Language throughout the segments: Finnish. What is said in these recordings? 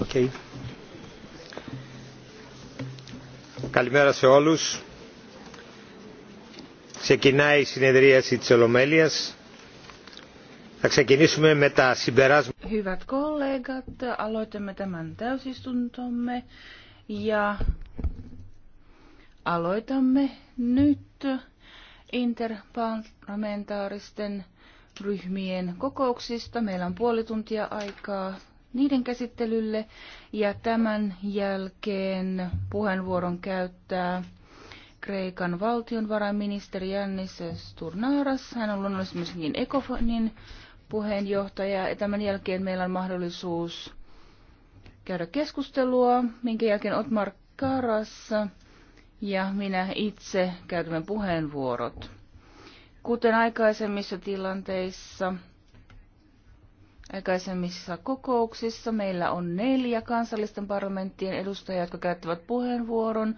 Okay. Καλημέρα σε όλους. Ξεκινάει η συνεδρίαση της Ολομέλειας. Θα ξεκινήσουμε με τα συμπεράσματα. Hyvät kollegat, aloitamme tämän täysistuntomme ja aloitamme nyt interparlamentaaristen ryhmien kokouksista. Meillä on puoli tuntia aikaa niiden käsittelylle ja tämän jälkeen puheenvuoron käyttää Kreikan valtionvarainministeri Jannis Sturnaaras. Hän on luonnollisesti myöskin niin Ekofonin puheenjohtaja ja tämän jälkeen meillä on mahdollisuus käydä keskustelua, minkä jälkeen Otmar Karas ja minä itse käytämme puheenvuorot. Kuten aikaisemmissa tilanteissa, aikaisemmissa kokouksissa, meillä on neljä kansallisten parlamenttien edustajia, jotka käyttävät puheenvuoron.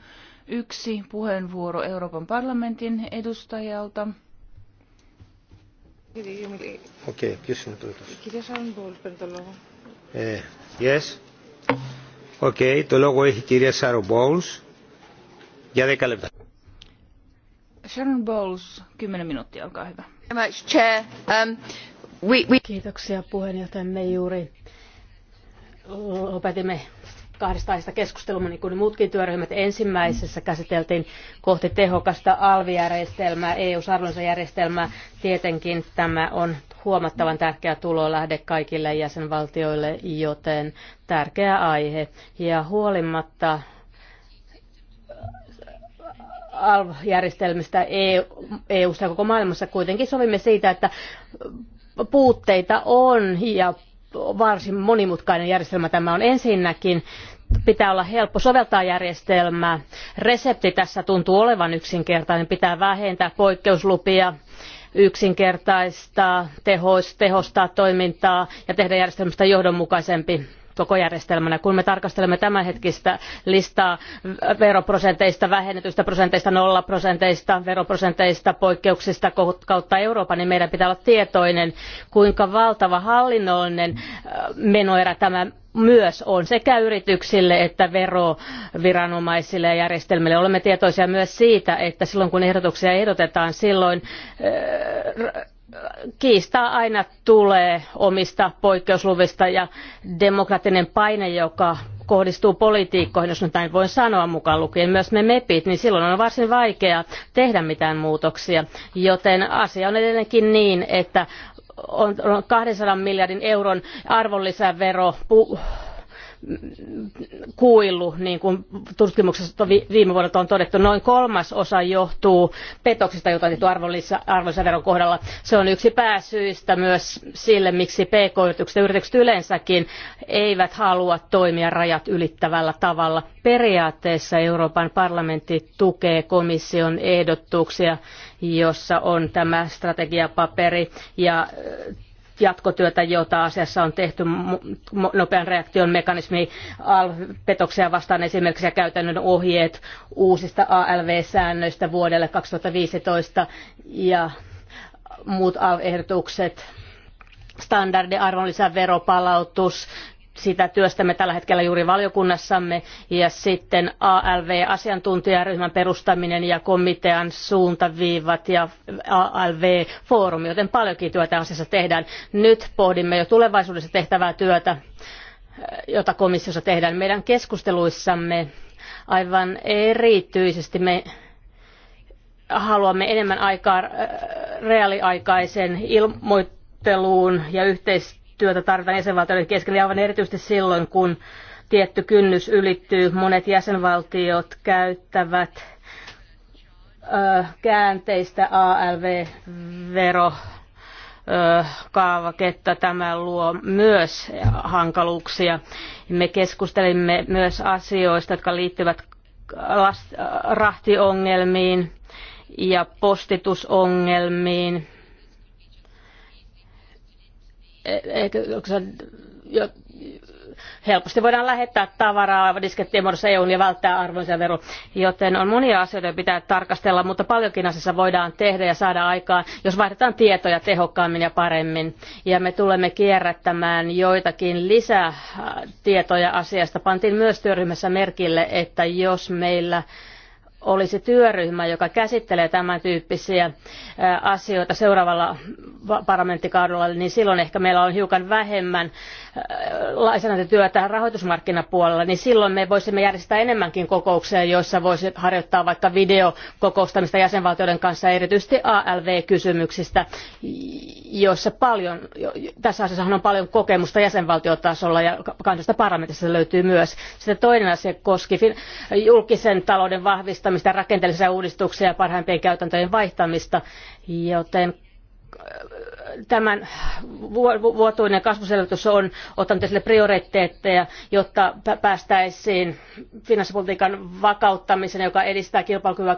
Yksi puheenvuoro Euroopan parlamentin edustajalta. Okei, okay, eh, Yes. Okei, okay, tuolla λόγο Kirja η Bowles. Ja Sharon Bowles, 10 minuuttia, olkaa hyvä. Um, Kiitoksia puheenjohtaja. Me juuri lopetimme kahdesta aiheesta niin kuin muutkin työryhmät. Ensimmäisessä käsiteltiin kohti tehokasta alvijärjestelmää, EU-arvonlisajärjestelmää. Tietenkin tämä on huomattavan tärkeä tulolähde kaikille jäsenvaltioille, joten tärkeä aihe. Ja huolimatta ALV-järjestelmistä EU-sta e ja koko maailmassa. Kuitenkin sovimme siitä, että puutteita on ja varsin monimutkainen järjestelmä tämä on ensinnäkin. Pitää olla helppo soveltaa järjestelmää. Resepti tässä tuntuu olevan yksinkertainen. Pitää vähentää poikkeuslupia, yksinkertaistaa, tehostaa toimintaa ja tehdä järjestelmästä johdonmukaisempi koko järjestelmänä. Kun me tarkastelemme tämänhetkistä listaa veroprosenteista, vähennetyistä prosenteista, nollaprosenteista, veroprosenteista, poikkeuksista kautta Euroopan, niin meidän pitää olla tietoinen, kuinka valtava hallinnollinen äh, menoerä tämä myös on sekä yrityksille että veroviranomaisille ja järjestelmille. Olemme tietoisia myös siitä, että silloin kun ehdotuksia ehdotetaan, silloin äh, kiistaa aina tulee omista poikkeusluvista ja demokraattinen paine, joka kohdistuu poliitikkoihin, jos nyt näin voin sanoa mukaan lukien myös me mepit, niin silloin on varsin vaikea tehdä mitään muutoksia. Joten asia on edelleenkin niin, että on 200 miljardin euron arvonlisävero kuilu, niin kuin tutkimuksessa viime vuodelta on todettu, noin kolmas osa johtuu petoksista, jota tehty arvonlisäveron kohdalla. Se on yksi pääsyistä myös sille, miksi pk-yritykset ja yritykset yleensäkin eivät halua toimia rajat ylittävällä tavalla. Periaatteessa Euroopan parlamentti tukee komission ehdotuksia, jossa on tämä strategiapaperi ja jatkotyötä, jota asiassa on tehty nopean reaktion mekanismi petoksia vastaan esimerkiksi ja käytännön ohjeet uusista ALV-säännöistä vuodelle 2015 ja muut ALV-ehdotukset standardi arvonlisäveropalautus sitä työstämme tällä hetkellä juuri valiokunnassamme ja sitten ALV-asiantuntijaryhmän perustaminen ja komitean suuntaviivat ja ALV-foorumi, joten paljonkin työtä asiassa tehdään. Nyt pohdimme jo tulevaisuudessa tehtävää työtä, jota komissiossa tehdään. Meidän keskusteluissamme aivan erityisesti me haluamme enemmän aikaa äh, reaaliaikaisen ilmoitteluun ja yhteistyöhön työtä tarvitaan jäsenvaltioiden keskellä, aivan erityisesti silloin, kun tietty kynnys ylittyy. Monet jäsenvaltiot käyttävät ö, käänteistä ALV-vero kaavaketta tämä luo myös hankaluuksia. Me keskustelimme myös asioista, jotka liittyvät rahtiongelmiin ja postitusongelmiin Eh, helposti voidaan lähettää tavaraa diskettien muodossa EUn ja välttää arvonlisävero, joten on monia asioita, joita pitää tarkastella, mutta paljonkin asiassa voidaan tehdä ja saada aikaan, jos vaihdetaan tietoja tehokkaammin ja paremmin. Ja me tulemme kierrättämään joitakin lisätietoja asiasta. Pantiin myös työryhmässä merkille, että jos meillä olisi työryhmä, joka käsittelee tämän tyyppisiä asioita seuraavalla parlamenttikaudella, niin silloin ehkä meillä on hiukan vähemmän lainsäädäntötyötä rahoitusmarkkinapuolella, niin silloin me voisimme järjestää enemmänkin kokouksia, joissa voisi harjoittaa vaikka videokokoustamista jäsenvaltioiden kanssa, erityisesti ALV-kysymyksistä, joissa paljon, tässä asiassa on paljon kokemusta jäsenvaltiotasolla ja kansallisesta parlamentista löytyy myös. Sitten toinen asia koski julkisen talouden vahvistamista, rakenteellisia uudistuksia ja parhaimpien käytäntöjen vaihtamista, joten tämän vuotuinen kasvuselvitys on ottanut esille prioriteetteja, jotta päästäisiin finanssipolitiikan vakauttamiseen, joka edistää kilpailukyvyn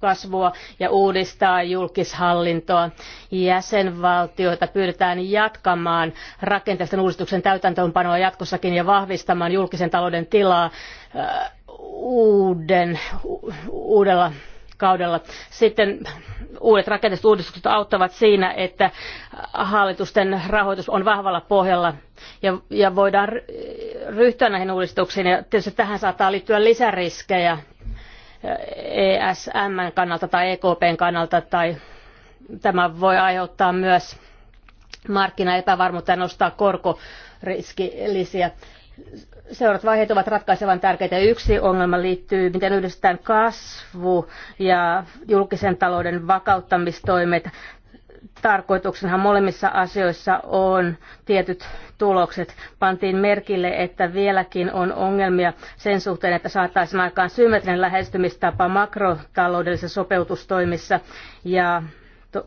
kasvua ja uudistaa julkishallintoa. Jäsenvaltioita pyydetään jatkamaan rakenteellisten uudistuksen täytäntöönpanoa jatkossakin ja vahvistamaan julkisen talouden tilaa uuden, uudella kaudella. Sitten uudet rakenteelliset uudistukset auttavat siinä, että hallitusten rahoitus on vahvalla pohjalla ja, ja voidaan ryhtyä näihin uudistuksiin. Ja tietysti tähän saattaa liittyä lisäriskejä ESMn kannalta tai EKPn kannalta tai tämä voi aiheuttaa myös markkinaepävarmuutta ja nostaa korkoriskilisiä Seuraavat vaiheet ovat ratkaisevan tärkeitä. Yksi ongelma liittyy, miten yhdistetään kasvu ja julkisen talouden vakauttamistoimet. Tarkoituksenhan molemmissa asioissa on tietyt tulokset. Pantiin merkille, että vieläkin on ongelmia sen suhteen, että saataisiin aikaan symmetrinen lähestymistapa makrotaloudellisissa sopeutustoimissa ja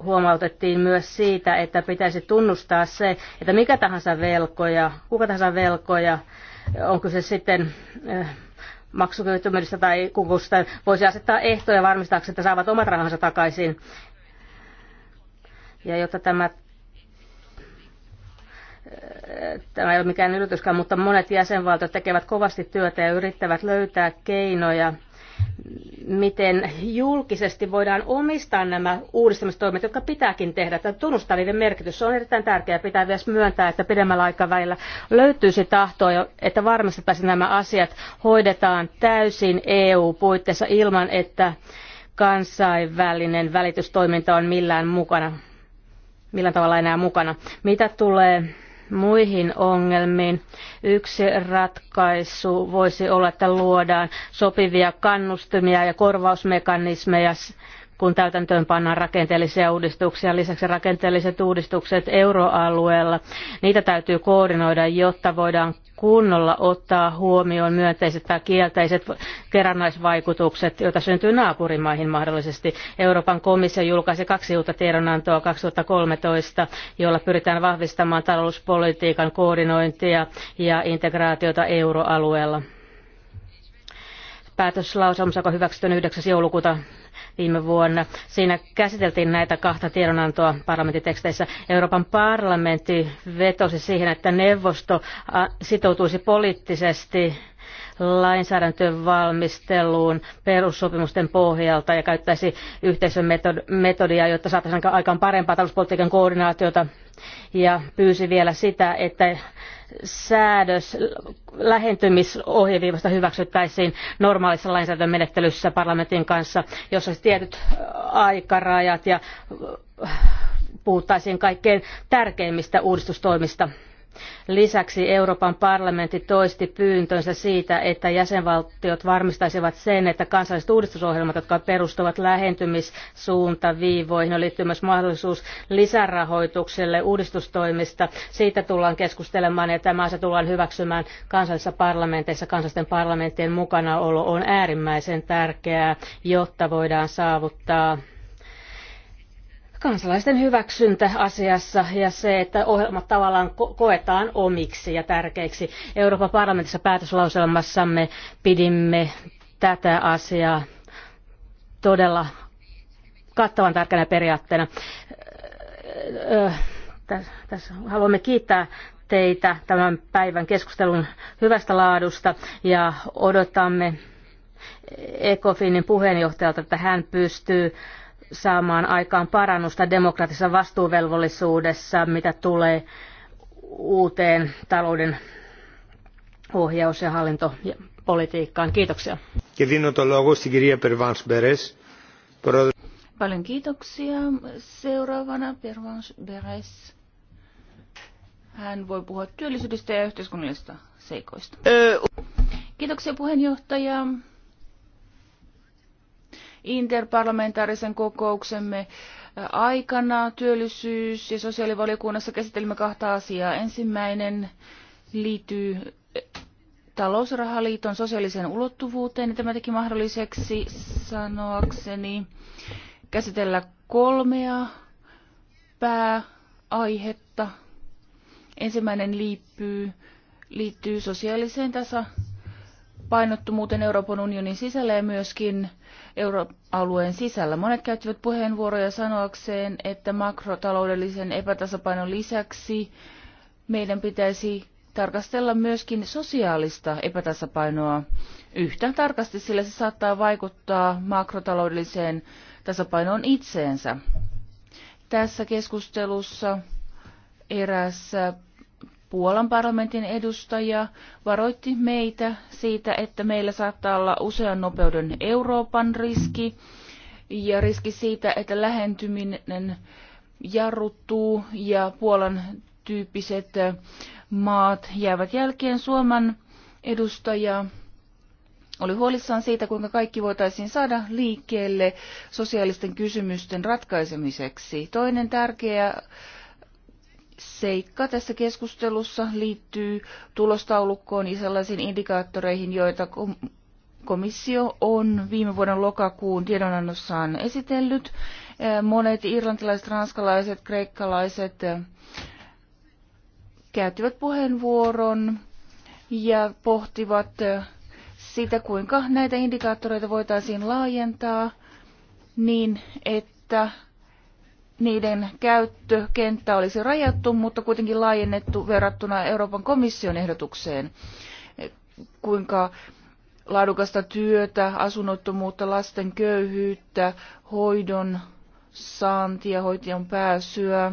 huomautettiin myös siitä, että pitäisi tunnustaa se, että mikä tahansa velkoja, kuka tahansa velkoja, onko se sitten eh, maksukyvyttömyydestä tai kukusta, voisi asettaa ehtoja varmistaakseen, että saavat omat rahansa takaisin. Ja jotta tämä eh, tämä ei ole mikään yllätyskään, mutta monet jäsenvaltiot tekevät kovasti työtä ja yrittävät löytää keinoja miten julkisesti voidaan omistaa nämä uudistamistoimet, jotka pitääkin tehdä. Tämä tunnustaminen merkitys. on erittäin tärkeää. Pitää myös myöntää, että pidemmällä aikavälillä löytyisi tahto, että varmistettaisiin nämä asiat hoidetaan täysin EU-puitteissa ilman, että kansainvälinen välitystoiminta on millään mukana millään tavalla enää mukana. Mitä tulee muihin ongelmiin. Yksi ratkaisu voisi olla, että luodaan sopivia kannustimia ja korvausmekanismeja kun täytäntöön pannaan rakenteellisia uudistuksia. Lisäksi rakenteelliset uudistukset euroalueella, niitä täytyy koordinoida, jotta voidaan kunnolla ottaa huomioon myönteiset tai kielteiset kerrannaisvaikutukset, joita syntyy naapurimaihin mahdollisesti. Euroopan komissio julkaisi kaksi uutta tiedonantoa 2013, jolla pyritään vahvistamaan talouspolitiikan koordinointia ja integraatiota euroalueella. Päätöslauselma, joka hyväksytty 9. joulukuuta viime vuonna. Siinä käsiteltiin näitä kahta tiedonantoa parlamenttiteksteissä. Euroopan parlamentti vetosi siihen, että neuvosto sitoutuisi poliittisesti lainsäädäntöön valmisteluun perussopimusten pohjalta ja käyttäisi yhteisön metodia, jotta saataisiin aikaan parempaa talouspolitiikan koordinaatiota ja pyysi vielä sitä, että säädös lähentymisohjeviivasta hyväksyttäisiin normaalissa lainsäädäntömenettelyssä parlamentin kanssa, jossa olisi tietyt aikarajat ja puhuttaisiin kaikkein tärkeimmistä uudistustoimista Lisäksi Euroopan parlamentti toisti pyyntönsä siitä, että jäsenvaltiot varmistaisivat sen, että kansalliset uudistusohjelmat, jotka perustuvat lähentymissuuntaviivoihin, liittyy myös mahdollisuus lisärahoitukselle uudistustoimista. Siitä tullaan keskustelemaan ja tämä asia tullaan hyväksymään kansallisissa parlamenteissa. Kansallisten parlamenttien mukanaolo on äärimmäisen tärkeää, jotta voidaan saavuttaa kansalaisten hyväksyntä asiassa ja se, että ohjelmat tavallaan koetaan omiksi ja tärkeiksi. Euroopan parlamentissa päätöslauselmassamme pidimme tätä asiaa todella kattavan tärkeänä periaatteena. Tässä haluamme kiittää teitä tämän päivän keskustelun hyvästä laadusta ja odotamme Ecofinin puheenjohtajalta, että hän pystyy saamaan aikaan parannusta demokraattisessa vastuuvelvollisuudessa, mitä tulee uuteen talouden ohjaus- ja hallintopolitiikkaan. Kiitoksia. Paljon kiitoksia. Seuraavana Pervans Beres. Hän voi puhua työllisyydestä ja yhteiskunnallisista seikoista. Kiitoksia puheenjohtaja interparlamentaarisen kokouksemme aikana työllisyys- ja sosiaalivaliokunnassa käsittelimme kahta asiaa. Ensimmäinen liittyy talousrahaliiton sosiaaliseen ulottuvuuteen, ja tämä teki mahdolliseksi sanoakseni käsitellä kolmea pääaihetta. Ensimmäinen liittyy, liittyy sosiaaliseen tasa painottu muuten Euroopan unionin sisällä ja myöskin euroalueen sisällä. Monet käyttivät puheenvuoroja sanoakseen, että makrotaloudellisen epätasapainon lisäksi meidän pitäisi tarkastella myöskin sosiaalista epätasapainoa yhtä tarkasti, sillä se saattaa vaikuttaa makrotaloudelliseen tasapainoon itseensä. Tässä keskustelussa eräs Puolan parlamentin edustaja varoitti meitä siitä, että meillä saattaa olla usean nopeuden Euroopan riski ja riski siitä, että lähentyminen jarruttuu ja Puolan tyyppiset maat jäävät jälkeen. Suomen edustaja oli huolissaan siitä, kuinka kaikki voitaisiin saada liikkeelle sosiaalisten kysymysten ratkaisemiseksi. Toinen tärkeä seikka tässä keskustelussa liittyy tulostaulukkoon ja sellaisiin indikaattoreihin, joita komissio on viime vuoden lokakuun tiedonannossaan esitellyt. Eh, monet irlantilaiset, ranskalaiset, kreikkalaiset eh, käyttivät puheenvuoron ja pohtivat eh, sitä, kuinka näitä indikaattoreita voitaisiin laajentaa niin, että niiden käyttökenttä olisi rajattu, mutta kuitenkin laajennettu verrattuna Euroopan komission ehdotukseen, kuinka laadukasta työtä, asunnottomuutta, lasten köyhyyttä, hoidon saantia, hoitajan pääsyä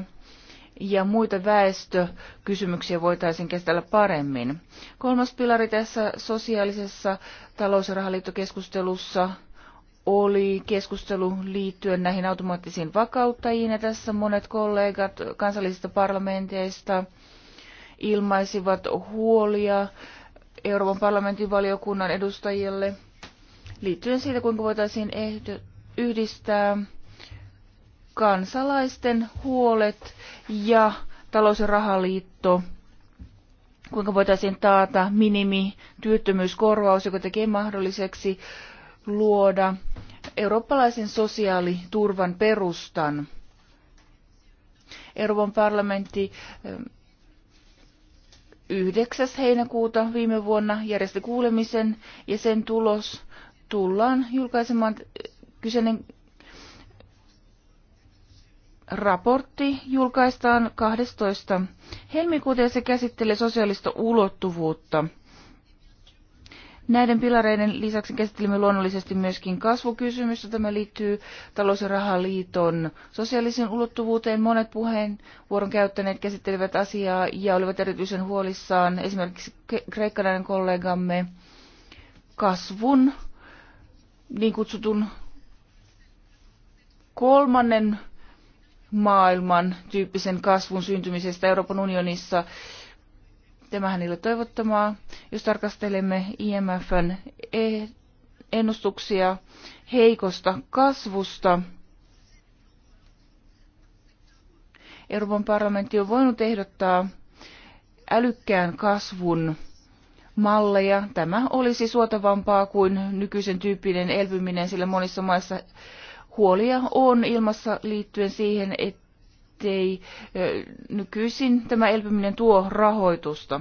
ja muita väestökysymyksiä voitaisiin käsitellä paremmin. Kolmas pilari tässä sosiaalisessa talous- ja rahaliittokeskustelussa oli keskustelu liittyen näihin automaattisiin vakauttajiin, ja tässä monet kollegat kansallisista parlamenteista ilmaisivat huolia Euroopan parlamentin valiokunnan edustajille liittyen siitä, kuinka voitaisiin yhdistää kansalaisten huolet ja talous- ja rahaliitto, kuinka voitaisiin taata minimi työttömyyskorvaus, joka tekee mahdolliseksi luoda eurooppalaisen sosiaaliturvan perustan. Euroopan parlamentti 9. Ähm, heinäkuuta viime vuonna järjesti kuulemisen ja sen tulos tullaan julkaisemaan äh, kyseinen raportti julkaistaan 12. helmikuuta ja se käsittelee sosiaalista ulottuvuutta – Näiden pilareiden lisäksi käsittelimme luonnollisesti myöskin kasvukysymystä. Tämä liittyy talous- ja rahaliiton sosiaalisen ulottuvuuteen. Monet puheenvuoron käyttäneet käsittelivät asiaa ja olivat erityisen huolissaan esimerkiksi kreikkalainen kollegamme kasvun, niin kutsutun kolmannen maailman tyyppisen kasvun syntymisestä Euroopan unionissa Tämähän ei ole toivottomaa. Jos tarkastelemme IMFn e- ennustuksia heikosta kasvusta, Euroopan parlamentti on voinut ehdottaa älykkään kasvun malleja. Tämä olisi suotavampaa kuin nykyisen tyyppinen elpyminen, sillä monissa maissa huolia on ilmassa liittyen siihen, että ettei nykyisin tämä elpyminen tuo rahoitusta.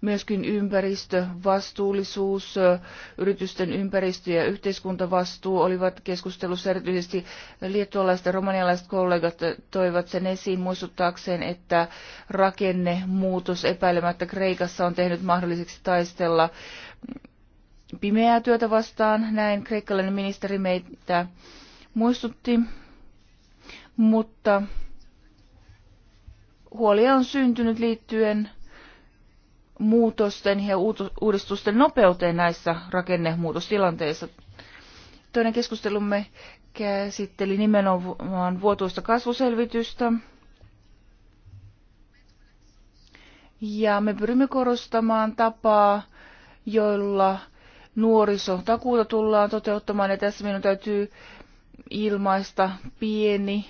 Myöskin ympäristö, vastuullisuus, yritysten ympäristö ja yhteiskuntavastuu olivat keskustelussa erityisesti liettualaiset ja romanialaiset kollegat toivat sen esiin muistuttaakseen, että rakennemuutos epäilemättä Kreikassa on tehnyt mahdolliseksi taistella pimeää työtä vastaan. Näin kreikkalainen ministeri meitä muistutti mutta huolia on syntynyt liittyen muutosten ja uudistusten nopeuteen näissä rakennemuutostilanteissa. Toinen keskustelumme käsitteli nimenomaan vuotuista kasvuselvitystä. Ja me pyrimme korostamaan tapaa, jolla nuorisotakuuta tullaan toteuttamaan. Ja tässä minun täytyy ilmaista pieni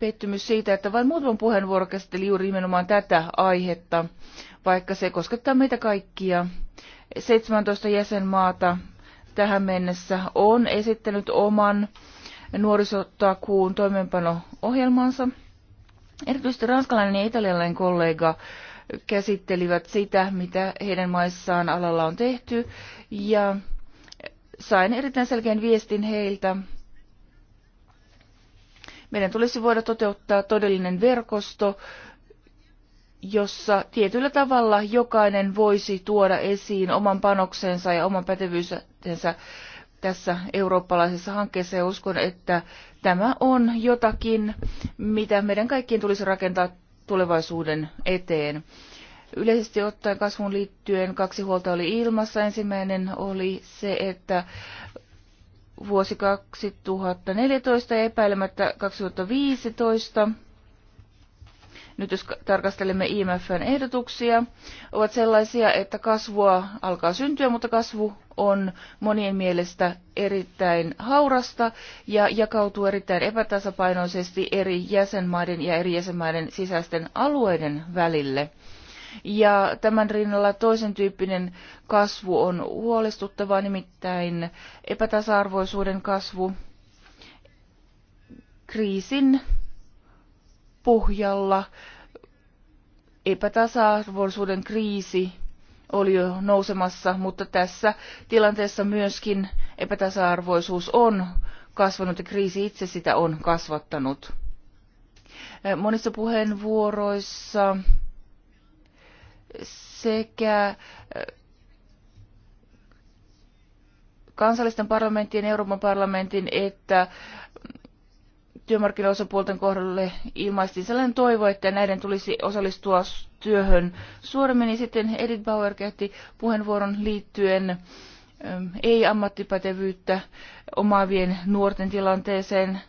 pettymys siitä, että vain muutaman puheenvuoro käsitteli juuri nimenomaan tätä aihetta, vaikka se koskettaa meitä kaikkia. 17 jäsenmaata tähän mennessä on esittänyt oman nuorisotakuun toimeenpano-ohjelmansa. Erityisesti ranskalainen ja italialainen kollega käsittelivät sitä, mitä heidän maissaan alalla on tehty, ja sain erittäin selkeän viestin heiltä meidän tulisi voida toteuttaa todellinen verkosto, jossa tietyllä tavalla jokainen voisi tuoda esiin oman panoksensa ja oman pätevyytensä tässä eurooppalaisessa hankkeessa ja uskon, että tämä on jotakin, mitä meidän kaikkien tulisi rakentaa tulevaisuuden eteen. Yleisesti ottaen kasvun liittyen kaksi huolta oli ilmassa. Ensimmäinen oli se, että vuosi 2014 ja epäilemättä 2015, nyt jos tarkastelemme IMFn ehdotuksia, ovat sellaisia, että kasvua alkaa syntyä, mutta kasvu on monien mielestä erittäin haurasta ja jakautuu erittäin epätasapainoisesti eri jäsenmaiden ja eri jäsenmaiden sisäisten alueiden välille. Ja tämän rinnalla toisen tyyppinen kasvu on huolestuttavaa, nimittäin epätasa-arvoisuuden kasvu kriisin pohjalla. Epätasa-arvoisuuden kriisi oli jo nousemassa, mutta tässä tilanteessa myöskin epätasa-arvoisuus on kasvanut ja kriisi itse sitä on kasvattanut. Monissa puheenvuoroissa sekä eh, kansallisten parlamenttien, Euroopan parlamentin että työmarkkinaosapuolten kohdalle ilmaistiin sellainen toivo, että näiden tulisi osallistua työhön suoremmin. Ja sitten Edith Bauer käytti puheenvuoron liittyen eh, ei-ammattipätevyyttä omaavien nuorten tilanteeseen.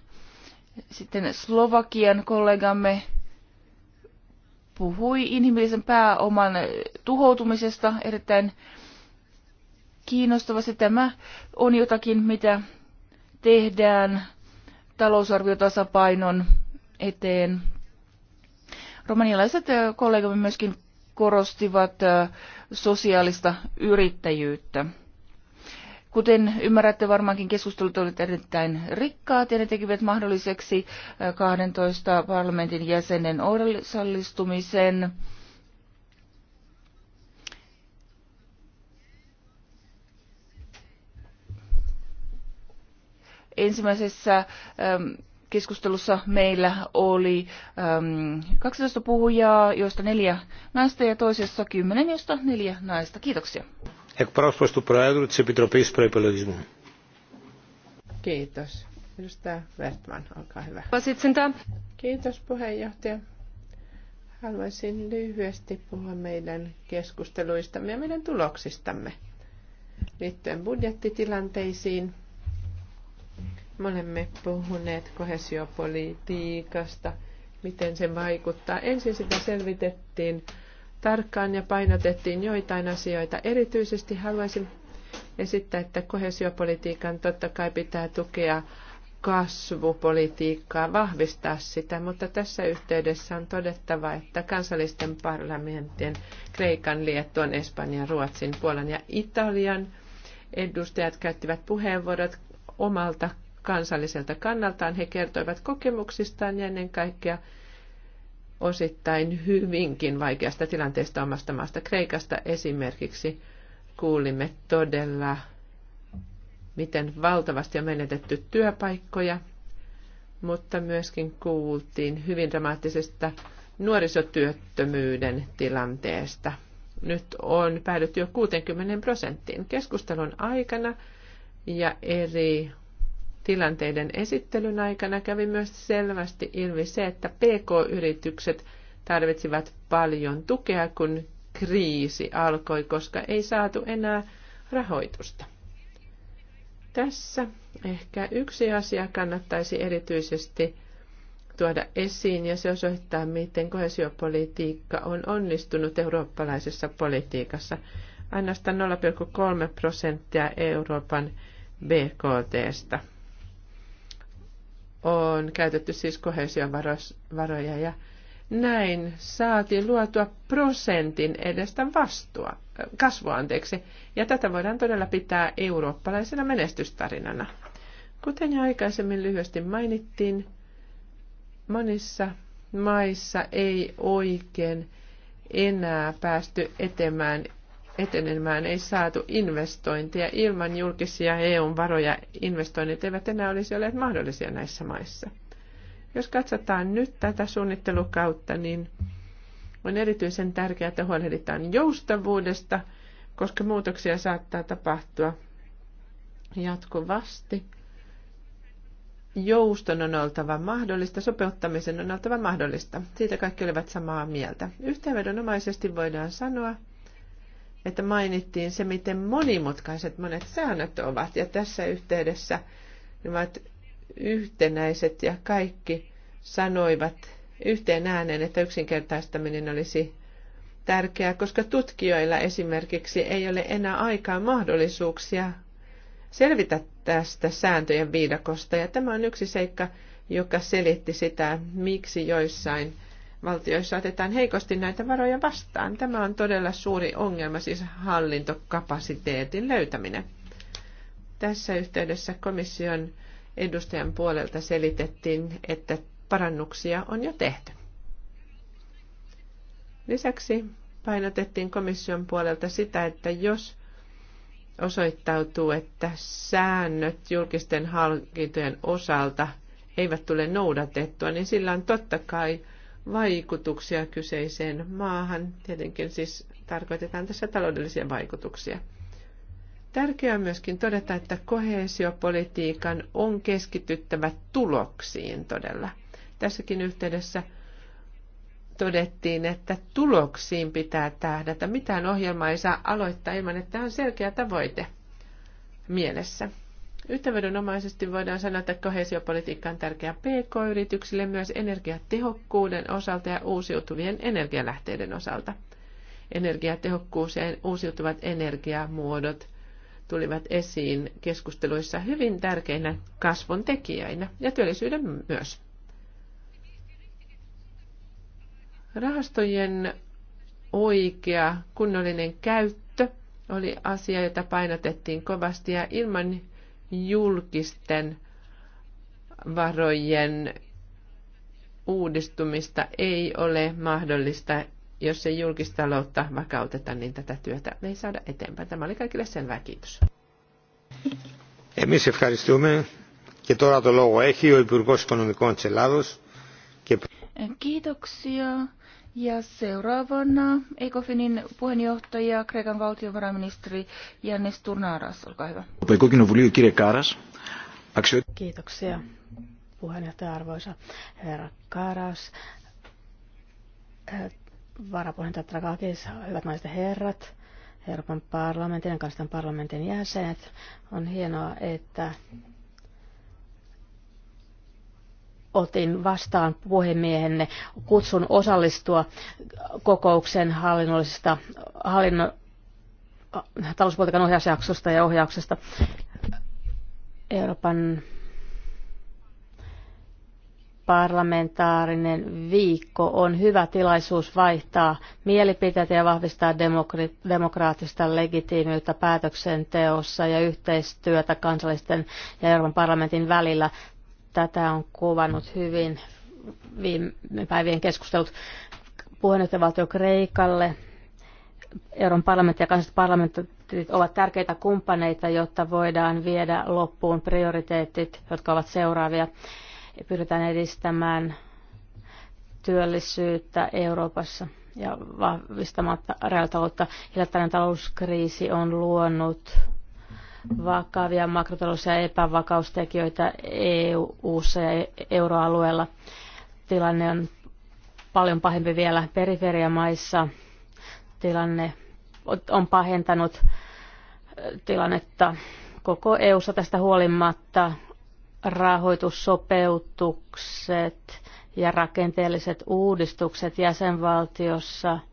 Sitten Slovakian kollegamme puhui inhimillisen pääoman tuhoutumisesta erittäin kiinnostavasti. Tämä on jotakin, mitä tehdään talousarviotasapainon eteen. Romanialaiset äh, kollegamme myöskin korostivat äh, sosiaalista yrittäjyyttä. Kuten ymmärrätte, varmaankin keskustelut olivat erittäin rikkaat ja ne tekivät mahdolliseksi 12 äh, parlamentin jäsenen osallistumisen. Ensimmäisessä ähm, keskustelussa meillä oli äm, 12 puhujaa, joista neljä naista ja toisessa kymmenen, joista neljä naista. Kiitoksia εκπρόσωπος του Προέδρου της Επιτροπής Προϋπολογισμού. Kiitos. Edustaja Vertman olkaa hyvä. Kiitos puheenjohtaja. Haluaisin lyhyesti puhua meidän keskusteluistamme ja meidän tuloksistamme liittyen budjettitilanteisiin. Me olemme puhuneet kohesiopolitiikasta, miten se vaikuttaa. Ensin sitä selvitettiin tarkkaan ja painotettiin joitain asioita. Erityisesti haluaisin esittää, että kohesiopolitiikan totta kai pitää tukea kasvupolitiikkaa, vahvistaa sitä, mutta tässä yhteydessä on todettava, että kansallisten parlamenttien Kreikan, Liettuan, Espanjan, Ruotsin, Puolan ja Italian edustajat käyttivät puheenvuorot omalta kansalliselta kannaltaan. He kertoivat kokemuksistaan ja ennen kaikkea osittain hyvinkin vaikeasta tilanteesta omasta maasta. Kreikasta esimerkiksi kuulimme todella, miten valtavasti on menetetty työpaikkoja, mutta myöskin kuultiin hyvin dramaattisesta nuorisotyöttömyyden tilanteesta. Nyt on päädytty jo 60 prosenttiin keskustelun aikana ja eri tilanteiden esittelyn aikana kävi myös selvästi ilmi se, että PK-yritykset tarvitsivat paljon tukea, kun kriisi alkoi, koska ei saatu enää rahoitusta. Tässä ehkä yksi asia kannattaisi erityisesti tuoda esiin, ja se osoittaa, miten kohesiopolitiikka on onnistunut eurooppalaisessa politiikassa. Ainoastaan 0,3 prosenttia Euroopan BKTstä on käytetty siis kohesion varoja ja näin saatiin luotua prosentin edestä vastua, kasvua anteeksi, ja tätä voidaan todella pitää eurooppalaisena menestystarinana. Kuten jo aikaisemmin lyhyesti mainittiin, monissa maissa ei oikein enää päästy etemään etenemään ei saatu investointia. Ilman julkisia EU-varoja investoinnit eivät enää olisi olleet mahdollisia näissä maissa. Jos katsotaan nyt tätä suunnittelukautta, niin on erityisen tärkeää, että huolehditaan joustavuudesta, koska muutoksia saattaa tapahtua jatkuvasti. Jouston on oltava mahdollista, sopeuttamisen on oltava mahdollista. Siitä kaikki olivat samaa mieltä. Yhteenvedonomaisesti voidaan sanoa, että mainittiin se, miten monimutkaiset monet säännöt ovat. Ja tässä yhteydessä ne ovat yhtenäiset ja kaikki sanoivat yhteen ääneen, että yksinkertaistaminen olisi tärkeää, koska tutkijoilla esimerkiksi ei ole enää aikaa mahdollisuuksia selvitä tästä sääntöjen viidakosta. Ja tämä on yksi seikka, joka selitti sitä, miksi joissain valtioissa otetaan heikosti näitä varoja vastaan. Tämä on todella suuri ongelma, siis hallintokapasiteetin löytäminen. Tässä yhteydessä komission edustajan puolelta selitettiin, että parannuksia on jo tehty. Lisäksi painotettiin komission puolelta sitä, että jos osoittautuu, että säännöt julkisten hankintojen osalta eivät tule noudatettua, niin sillä on totta kai vaikutuksia kyseiseen maahan. Tietenkin siis tarkoitetaan tässä taloudellisia vaikutuksia. Tärkeää on myöskin todeta, että kohesiopolitiikan on keskityttävä tuloksiin todella. Tässäkin yhteydessä todettiin, että tuloksiin pitää tähdätä. Mitään ohjelmaa ei saa aloittaa ilman, että on selkeä tavoite mielessä. Yhteenvedonomaisesti voidaan sanoa, että kohesiopolitiikka on tärkeä PK-yrityksille myös energiatehokkuuden osalta ja uusiutuvien energialähteiden osalta. Energiatehokkuus ja uusiutuvat energiamuodot tulivat esiin keskusteluissa hyvin tärkeinä kasvun tekijöinä ja työllisyyden myös. Rahastojen oikea kunnollinen käyttö oli asia, jota painotettiin kovasti ja ilman julkisten varojen uudistumista ei ole mahdollista, jos ei julkistaloutta vakauteta, niin tätä työtä me ei saada eteenpäin. Tämä oli kaikille selvää. Kiitos. Εμείς ευχαριστούμε και τώρα το λόγο έχει ο Υπουργός Οικονομικών της Kiitoksia. Ja seuraavana ECOFINin puheenjohtaja, Kreikan valtiovarainministeri Jannis Turnaras, olkaa hyvä. Kiitoksia puheenjohtaja arvoisa herra Karas, äh, varapuheenjohtaja Trakakis, hyvät naiset ja herrat, Euroopan parlamentin ja kansan parlamentin jäsenet. On hienoa, että otin vastaan puhemiehenne kutsun osallistua kokouksen hallinnollisesta hallinno, talouspolitiikan ohjausjaksosta ja ohjauksesta Euroopan parlamentaarinen viikko on hyvä tilaisuus vaihtaa mielipiteitä ja vahvistaa demokraattista legitiimiyttä päätöksenteossa ja yhteistyötä kansallisten ja Euroopan parlamentin välillä. Tätä on kuvannut hyvin viime päivien keskustelut puheenjohtajavaltio Kreikalle. Euroopan parlamentti ja kansalliset parlamentit ovat tärkeitä kumppaneita, jotta voidaan viedä loppuun prioriteetit, jotka ovat seuraavia. Pyritään edistämään työllisyyttä Euroopassa ja vahvistamatta reaalitaloutta. Hiljattainen talouskriisi on luonut vakavia makrotaloudellisia epävakaustekijöitä EU-ssa ja euroalueella. Tilanne on paljon pahempi vielä periferiamaissa. Tilanne on pahentanut tilannetta koko EU-ssa tästä huolimatta. Rahoitussopeutukset ja rakenteelliset uudistukset jäsenvaltiossa –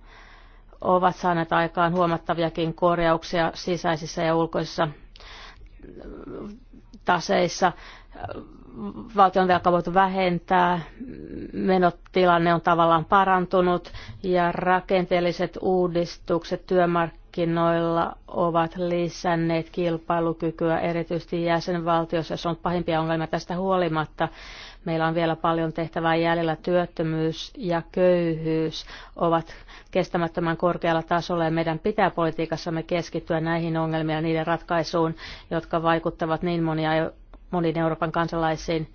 ovat saaneet aikaan huomattaviakin korjauksia sisäisissä ja ulkoisissa taseissa valtion voitu vähentää, menotilanne on tavallaan parantunut ja rakenteelliset uudistukset työmarkkinoilla ovat lisänneet kilpailukykyä erityisesti jäsenvaltioissa, jossa on pahimpia ongelmia tästä huolimatta. Meillä on vielä paljon tehtävää jäljellä. Työttömyys ja köyhyys ovat kestämättömän korkealla tasolla ja meidän pitää politiikassamme keskittyä näihin ongelmiin ja niiden ratkaisuun, jotka vaikuttavat niin monia moniin Euroopan kansalaisiin.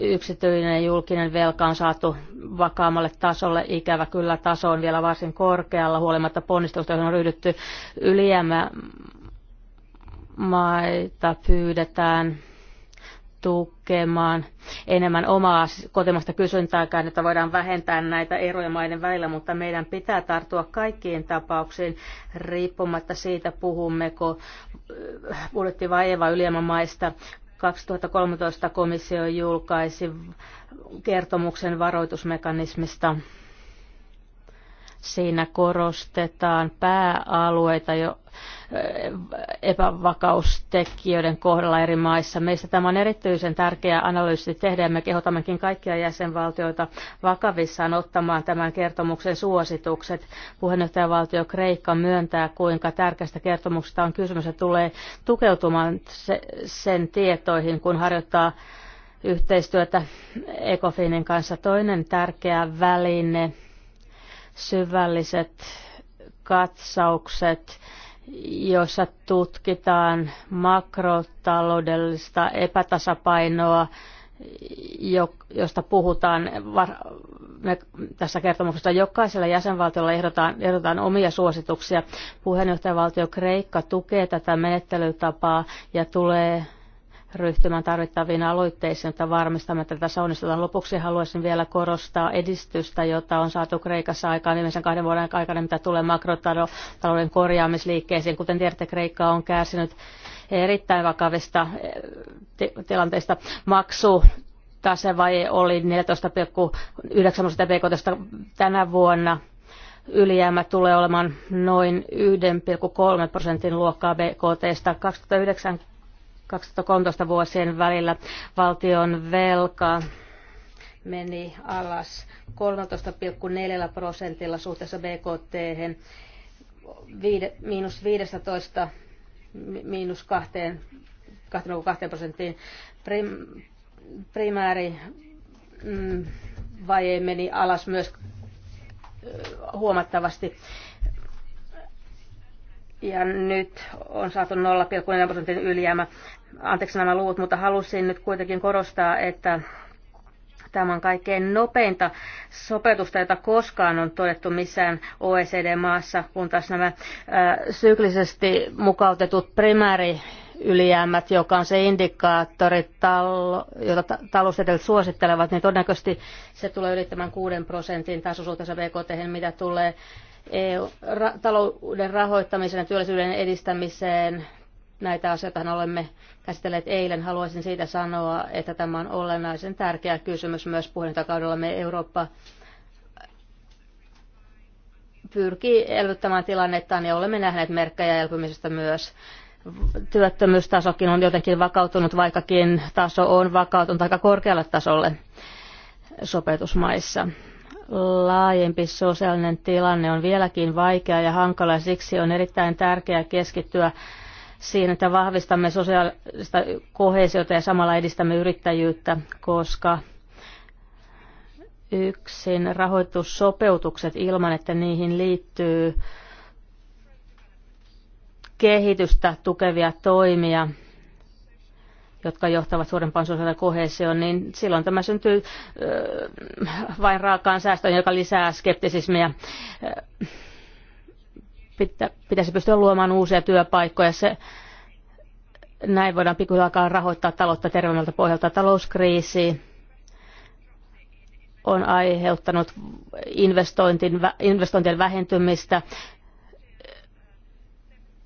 Yksityinen ja julkinen velka on saatu vakaammalle tasolle. Ikävä kyllä taso on vielä varsin korkealla, huolimatta ponnistelusta, johon on ryhdytty ylijäämään maita pyydetään tukemaan enemmän omaa kotimasta kysyntääkään, että voidaan vähentää näitä eroja maiden välillä, mutta meidän pitää tarttua kaikkiin tapauksiin riippumatta siitä, puhummeko äh, budjetti vai maista 2013 komissio julkaisi kertomuksen varoitusmekanismista Siinä korostetaan pääalueita jo eh, epävakaustekijöiden kohdalla eri maissa. Meistä tämä on erityisen tärkeä analyysi tehdä ja me kehotammekin kaikkia jäsenvaltioita vakavissaan ottamaan tämän kertomuksen suositukset. Puheenjohtajavaltio Kreikka myöntää, kuinka tärkeästä kertomuksesta on kysymys ja tulee tukeutumaan sen tietoihin, kun harjoittaa yhteistyötä Ecofinin kanssa. Toinen tärkeä väline syvälliset katsaukset, joissa tutkitaan makrotaloudellista epätasapainoa, josta puhutaan tässä kertomuksessa. Jokaisella jäsenvaltiolla ehdotaan, ehdotaan omia suosituksia. Puheenjohtajavaltio Kreikka tukee tätä menettelytapaa ja tulee ryhtymään tarvittaviin aloitteisiin, jotta varmistamme, että tässä onnistutaan. Lopuksi haluaisin vielä korostaa edistystä, jota on saatu Kreikassa aikaan viimeisen kahden vuoden aikana, mitä tulee makrotalouden korjaamisliikkeisiin. Kuten tiedätte, Kreikka on kärsinyt erittäin vakavista eh, tilanteista maksu tasevaje oli 14,9 prosenttia BKT tänä vuonna ylijäämä tulee olemaan noin 1,3 prosentin luokkaa BKT. 2009 2013 vuosien välillä valtion velka meni alas 13,4 prosentilla suhteessa BKT, miinus 15, miinus 2, 2,2 prosenttiin. Prim, primääri mm, vaje meni alas myös huomattavasti ja nyt on saatu 0,4 prosentin ylijäämä. Anteeksi nämä luvut, mutta halusin nyt kuitenkin korostaa, että tämä on kaikkein nopeinta sopetusta, jota koskaan on todettu missään OECD-maassa, kun taas nämä syklisesti mukautetut primääri ylijäämät, joka on se indikaattori, jota taloustieteilijät suosittelevat, niin todennäköisesti se tulee ylittämään 6 prosentin tasosuhteessa BKT, mitä tulee EU, talouden rahoittamiseen ja työllisyyden edistämiseen. Näitä asioita olemme käsitelleet eilen. Haluaisin siitä sanoa, että tämä on olennaisen tärkeä kysymys myös puheenjohtajakaudella. Me Eurooppa pyrkii elvyttämään tilannettaan ja olemme nähneet merkkejä elpymisestä myös työttömyystasokin on jotenkin vakautunut, vaikkakin taso on vakautunut aika korkealle tasolle sopeutusmaissa laajempi sosiaalinen tilanne on vieläkin vaikea ja hankala ja siksi on erittäin tärkeää keskittyä siihen, että vahvistamme sosiaalista kohesiota ja samalla edistämme yrittäjyyttä, koska yksin rahoitussopeutukset ilman, että niihin liittyy kehitystä tukevia toimia jotka johtavat suurempaan sosiaaliseen kohesioon, niin silloin tämä syntyy vain raakaan säästöön, joka lisää skeptisismiä pitä, pitäisi pystyä luomaan uusia työpaikkoja. Se, näin voidaan pikkuhiljaa rahoittaa taloutta terveemmältä pohjalta. Talouskriisi on aiheuttanut investointien vähentymistä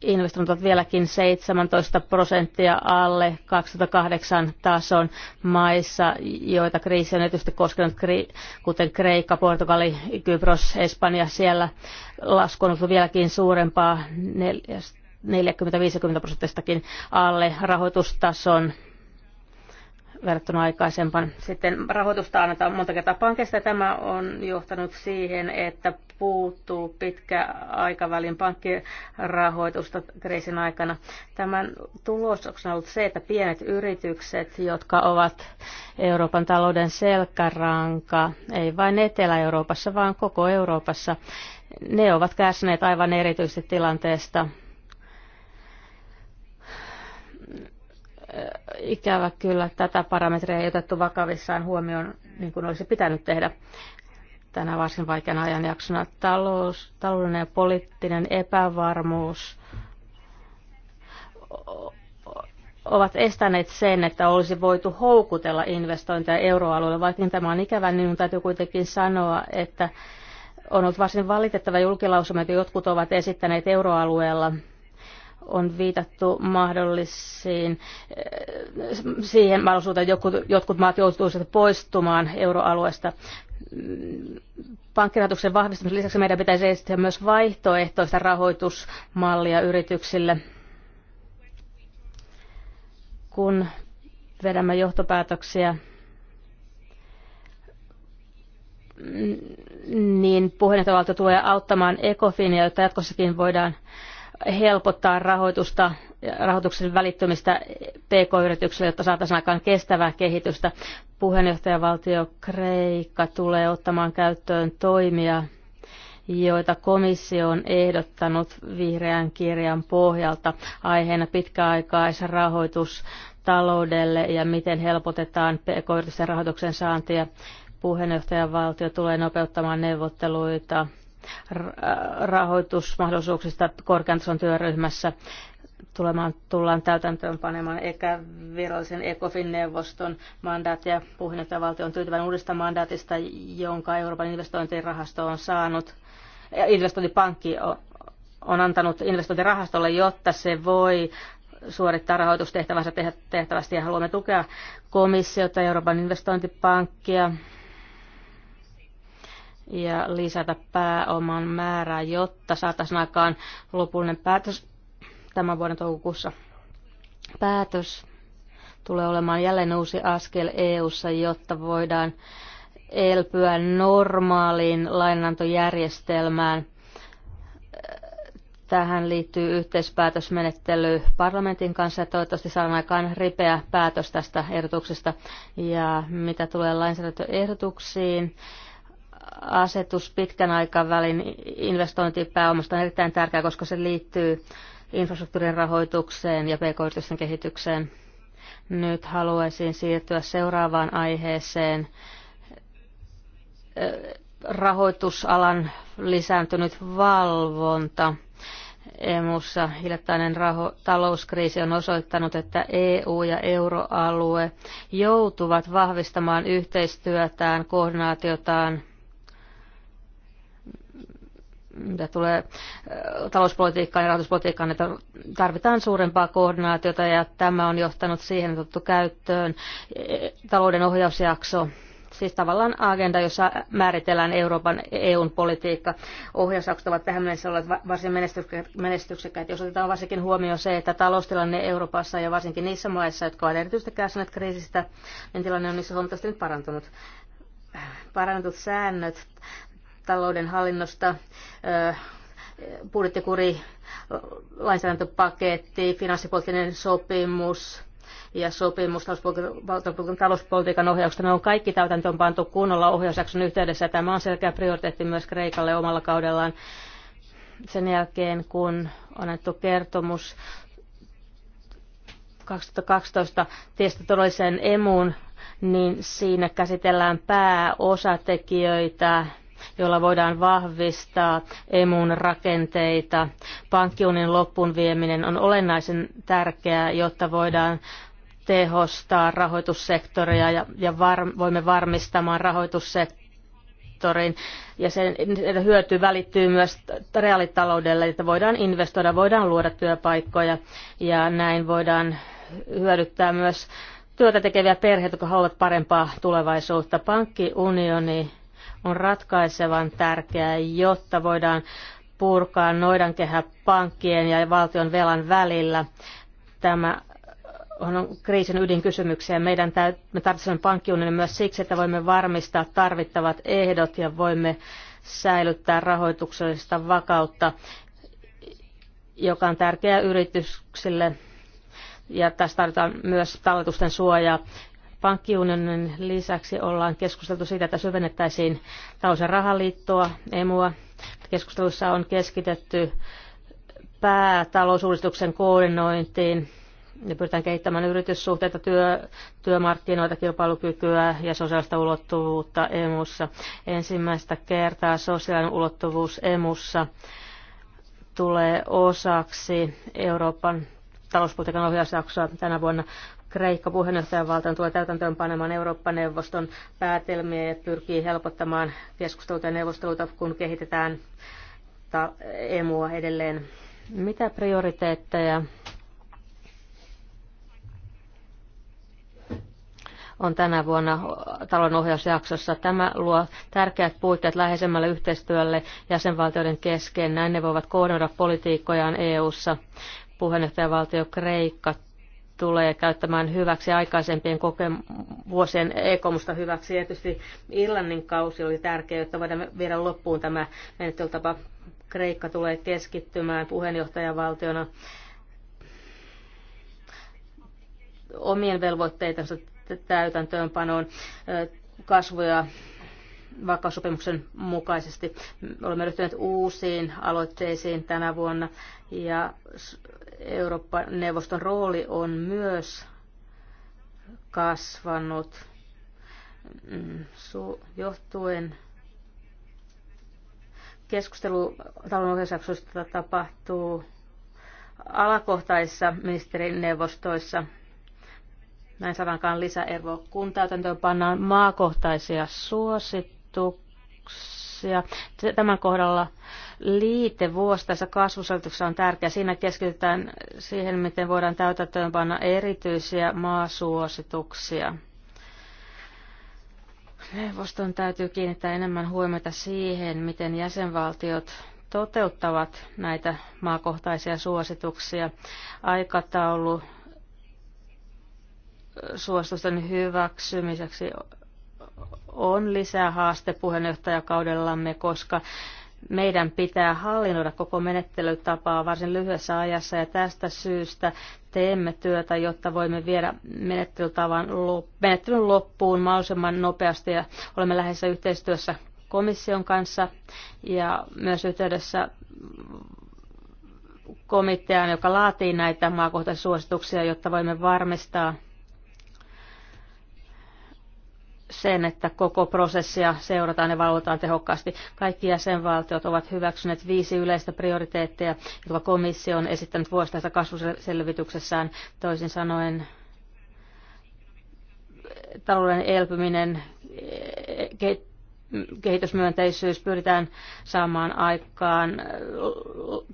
investoinnit ovat vieläkin 17 prosenttia alle 2008 tason maissa, joita kriisi on tietysti koskenut, kuten Kreikka, Portugali, Kypros, Espanja. Siellä lasku on ollut vieläkin suurempaa 40-50 prosenttistakin alle rahoitustason verrattuna aikaisempaan. Sitten rahoitusta annetaan monta kertaa pankista. Tämä on johtanut siihen, että puuttuu pitkä aikavälin pankkirahoitusta kriisin aikana. Tämän tuloksena on ollut se, että pienet yritykset, jotka ovat Euroopan talouden selkäranka, ei vain Etelä-Euroopassa, vaan koko Euroopassa, ne ovat kärsineet aivan erityisesti tilanteesta ikävä kyllä tätä parametria ei otettu vakavissaan huomioon niin kuin olisi pitänyt tehdä tänä varsin vaikeana ajanjaksona. Talous, taloudellinen ja poliittinen epävarmuus ovat estäneet sen, että olisi voitu houkutella investointeja euroalueelle. Vaikka tämä on ikävä, niin täytyy kuitenkin sanoa, että on ollut varsin valitettava julkilausuma, että jotkut ovat esittäneet euroalueella – on viitattu mahdollisiin eh, siihen mahdollisuuteen, että jotkut, jotkut maat joutuisivat poistumaan euroalueesta. Pankkirahoituksen vahvistamisen lisäksi meidän pitäisi esittää myös vaihtoehtoista rahoitusmallia yrityksille. Kun vedämme johtopäätöksiä, niin puheenjohtajavaltio tulee auttamaan ECOFINia, jotta jatkossakin voidaan helpottaa rahoitusta, rahoituksen välittymistä PK-yrityksille, jotta saataisiin aikaan kestävää kehitystä. Puheenjohtajavaltio Kreikka tulee ottamaan käyttöön toimia, joita komissio on ehdottanut vihreän kirjan pohjalta aiheena pitkäaikaisrahoitus taloudelle ja miten helpotetaan pk-yritysten rahoituksen saantia. Puheenjohtajavaltio tulee nopeuttamaan neuvotteluita rahoitusmahdollisuuksista korkean työryhmässä tulemaan, tullaan täytäntöön panemaan eikä virallisen ECOFIN-neuvoston mandaattia valtio on tyytyväinen uudesta mandaatista, jonka Euroopan investointirahasto on saanut. Investointipankki on antanut investointirahastolle, jotta se voi suorittaa rahoitustehtävänsä tehtävästi ja haluamme tukea komissiota, Euroopan investointipankkia, ja lisätä pääoman määrää, jotta saataisiin aikaan lopullinen päätös tämän vuoden toukokuussa. Päätös tulee olemaan jälleen uusi askel EU:ssa, jotta voidaan elpyä normaaliin lainantojärjestelmään. Tähän liittyy yhteispäätösmenettely parlamentin kanssa ja toivottavasti saadaan aikaan ripeä päätös tästä ehdotuksesta. Ja mitä tulee lainsäädäntöehdotuksiin, asetus pitkän aikavälin investointipääomasta on erittäin tärkeä, koska se liittyy infrastruktuurin rahoitukseen ja pk-yritysten kehitykseen. Nyt haluaisin siirtyä seuraavaan aiheeseen. Rahoitusalan lisääntynyt valvonta. EU-ssa hiljattainen raho- talouskriisi on osoittanut, että EU ja euroalue joutuvat vahvistamaan yhteistyötään, koordinaatiotaan mitä tulee eh, talouspolitiikkaan ja rahoituspolitiikkaan, että niin tarvitaan suurempaa koordinaatiota ja tämä on johtanut siihen, että otettu käyttöön eh, talouden ohjausjakso, siis tavallaan agenda, jossa määritellään Euroopan EUn politiikka. Ohjausjaksot ovat tähän mennessä olleet varsin menestyksekkäät. Jos otetaan varsinkin huomioon se, että taloustilanne Euroopassa ja varsinkin niissä maissa, jotka ovat erityisesti kärsineet kriisistä, niin tilanne on niissä huomattavasti nyt parantunut parannetut säännöt talouden hallinnosta, budjettikuri, lainsäädäntöpaketti, finanssipoliittinen sopimus, ja sopimus talouspolitiikan ohjauksesta. Ne on kaikki täytäntöön pantu kunnolla ohjausjakson yhteydessä. Tämä on selkeä prioriteetti myös Kreikalle omalla kaudellaan sen jälkeen, kun on annettu kertomus 2012 tiestä todelliseen emuun, niin siinä käsitellään pääosatekijöitä jolla voidaan vahvistaa emun rakenteita. Pankkiunin loppuun vieminen on olennaisen tärkeää, jotta voidaan tehostaa rahoitussektoria ja, ja var, voimme varmistamaan rahoitussektorin ja sen hyöty välittyy myös reaalitaloudelle, että voidaan investoida, voidaan luoda työpaikkoja ja näin voidaan hyödyttää myös työtä tekeviä perheitä, jotka haluavat parempaa tulevaisuutta. Pankkiunioni on ratkaisevan tärkeää, jotta voidaan purkaa noidankehä pankkien ja valtion velan välillä. Tämä on kriisin ydinkysymyksiä. Meidän täyt, me tarvitsemme pankkiunionin myös siksi, että voimme varmistaa tarvittavat ehdot ja voimme säilyttää rahoituksellista vakautta, joka on tärkeää yrityksille. Ja tässä tarvitaan myös talletusten suojaa. Pankkiunionin lisäksi ollaan keskusteltu siitä, että syvennettäisiin talous- ja rahaliittoa, emua. Keskustelussa on keskitetty päätalousuudistuksen koordinointiin ja pyritään kehittämään yrityssuhteita, työ, työmarkkinoita, kilpailukykyä ja sosiaalista ulottuvuutta emussa. Ensimmäistä kertaa sosiaalinen ulottuvuus emussa tulee osaksi Euroopan talouspolitiikan ohjausjaksoa tänä vuonna Kreikka puheenjohtajavaltaan tulee täytäntöön panemaan Eurooppa-neuvoston päätelmiä ja pyrkii helpottamaan keskusteluita ja neuvosteluita, kun kehitetään emua edelleen. Mitä prioriteetteja on tänä vuonna talon ohjausjaksossa. Tämä luo tärkeät puitteet läheisemmälle yhteistyölle jäsenvaltioiden kesken. Näin ne voivat koordinoida politiikkojaan EU-ssa. Puheenjohtajavaltio Kreikka tulee käyttämään hyväksi aikaisempien kokem- vuosien ekomusta hyväksi. tietysti Irlannin kausi oli tärkeä, jotta voidaan viedä loppuun tämä menettelytapa. Kreikka tulee keskittymään puheenjohtajavaltiona omien velvoitteitensa täytäntöönpanoon kasvoja vakaussopimuksen mukaisesti. Olemme ryhtyneet uusiin aloitteisiin tänä vuonna ja Euroopan neuvoston rooli on myös kasvanut mm, johtuen keskustelu talon tapahtuu alakohtaisissa ministerineuvostoissa. Näin saadaankaan lisäervo. Kun täytäntöön pannaan maakohtaisia suosituksia, tämän kohdalla liite vuostaisessa kasvuselityksessä on tärkeä. Siinä keskitytään siihen, miten voidaan täytäntöönpanna erityisiä maasuosituksia. Neuvoston täytyy kiinnittää enemmän huomiota siihen, miten jäsenvaltiot toteuttavat näitä maakohtaisia suosituksia. Aikataulu suositusten hyväksymiseksi on lisää haaste puheenjohtajakaudellamme, koska meidän pitää hallinnoida koko menettelytapaa varsin lyhyessä ajassa ja tästä syystä teemme työtä, jotta voimme viedä menettelytavan menettelyn loppuun mahdollisimman nopeasti ja olemme lähes yhteistyössä komission kanssa ja myös yhteydessä komiteaan, joka laatii näitä maakohtaisia suosituksia, jotta voimme varmistaa, sen, että koko prosessia seurataan ja valvotaan tehokkaasti. Kaikki jäsenvaltiot ovat hyväksyneet viisi yleistä prioriteetteja, jotka komissio on esittänyt vuosittaisessa kasvuselvityksessään. Toisin sanoen talouden elpyminen, kehitysmyönteisyys pyritään saamaan aikaan,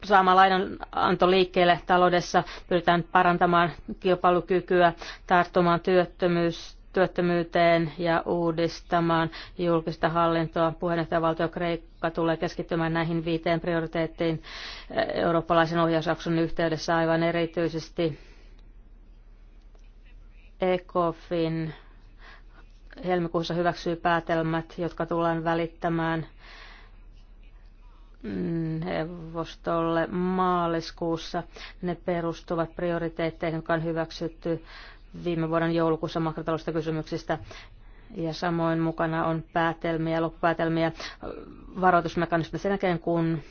saamaan lainananto liikkeelle taloudessa, pyritään parantamaan kilpailukykyä, tarttumaan työttömyys, työttömyyteen ja uudistamaan julkista hallintoa. Puheenjohtajavaltio Kreikka tulee keskittymään näihin viiteen prioriteettiin eh, eurooppalaisen ohjausjakson yhteydessä aivan erityisesti ECOFIN helmikuussa hyväksyy päätelmät, jotka tullaan välittämään mm, neuvostolle maaliskuussa. Ne perustuvat prioriteetteihin, jotka on hyväksytty viime vuoden joulukuussa makrotalousta kysymyksistä. Ja samoin mukana on päätelmiä, loppupäätelmiä varoitusmekanismista sen jälkeen, kun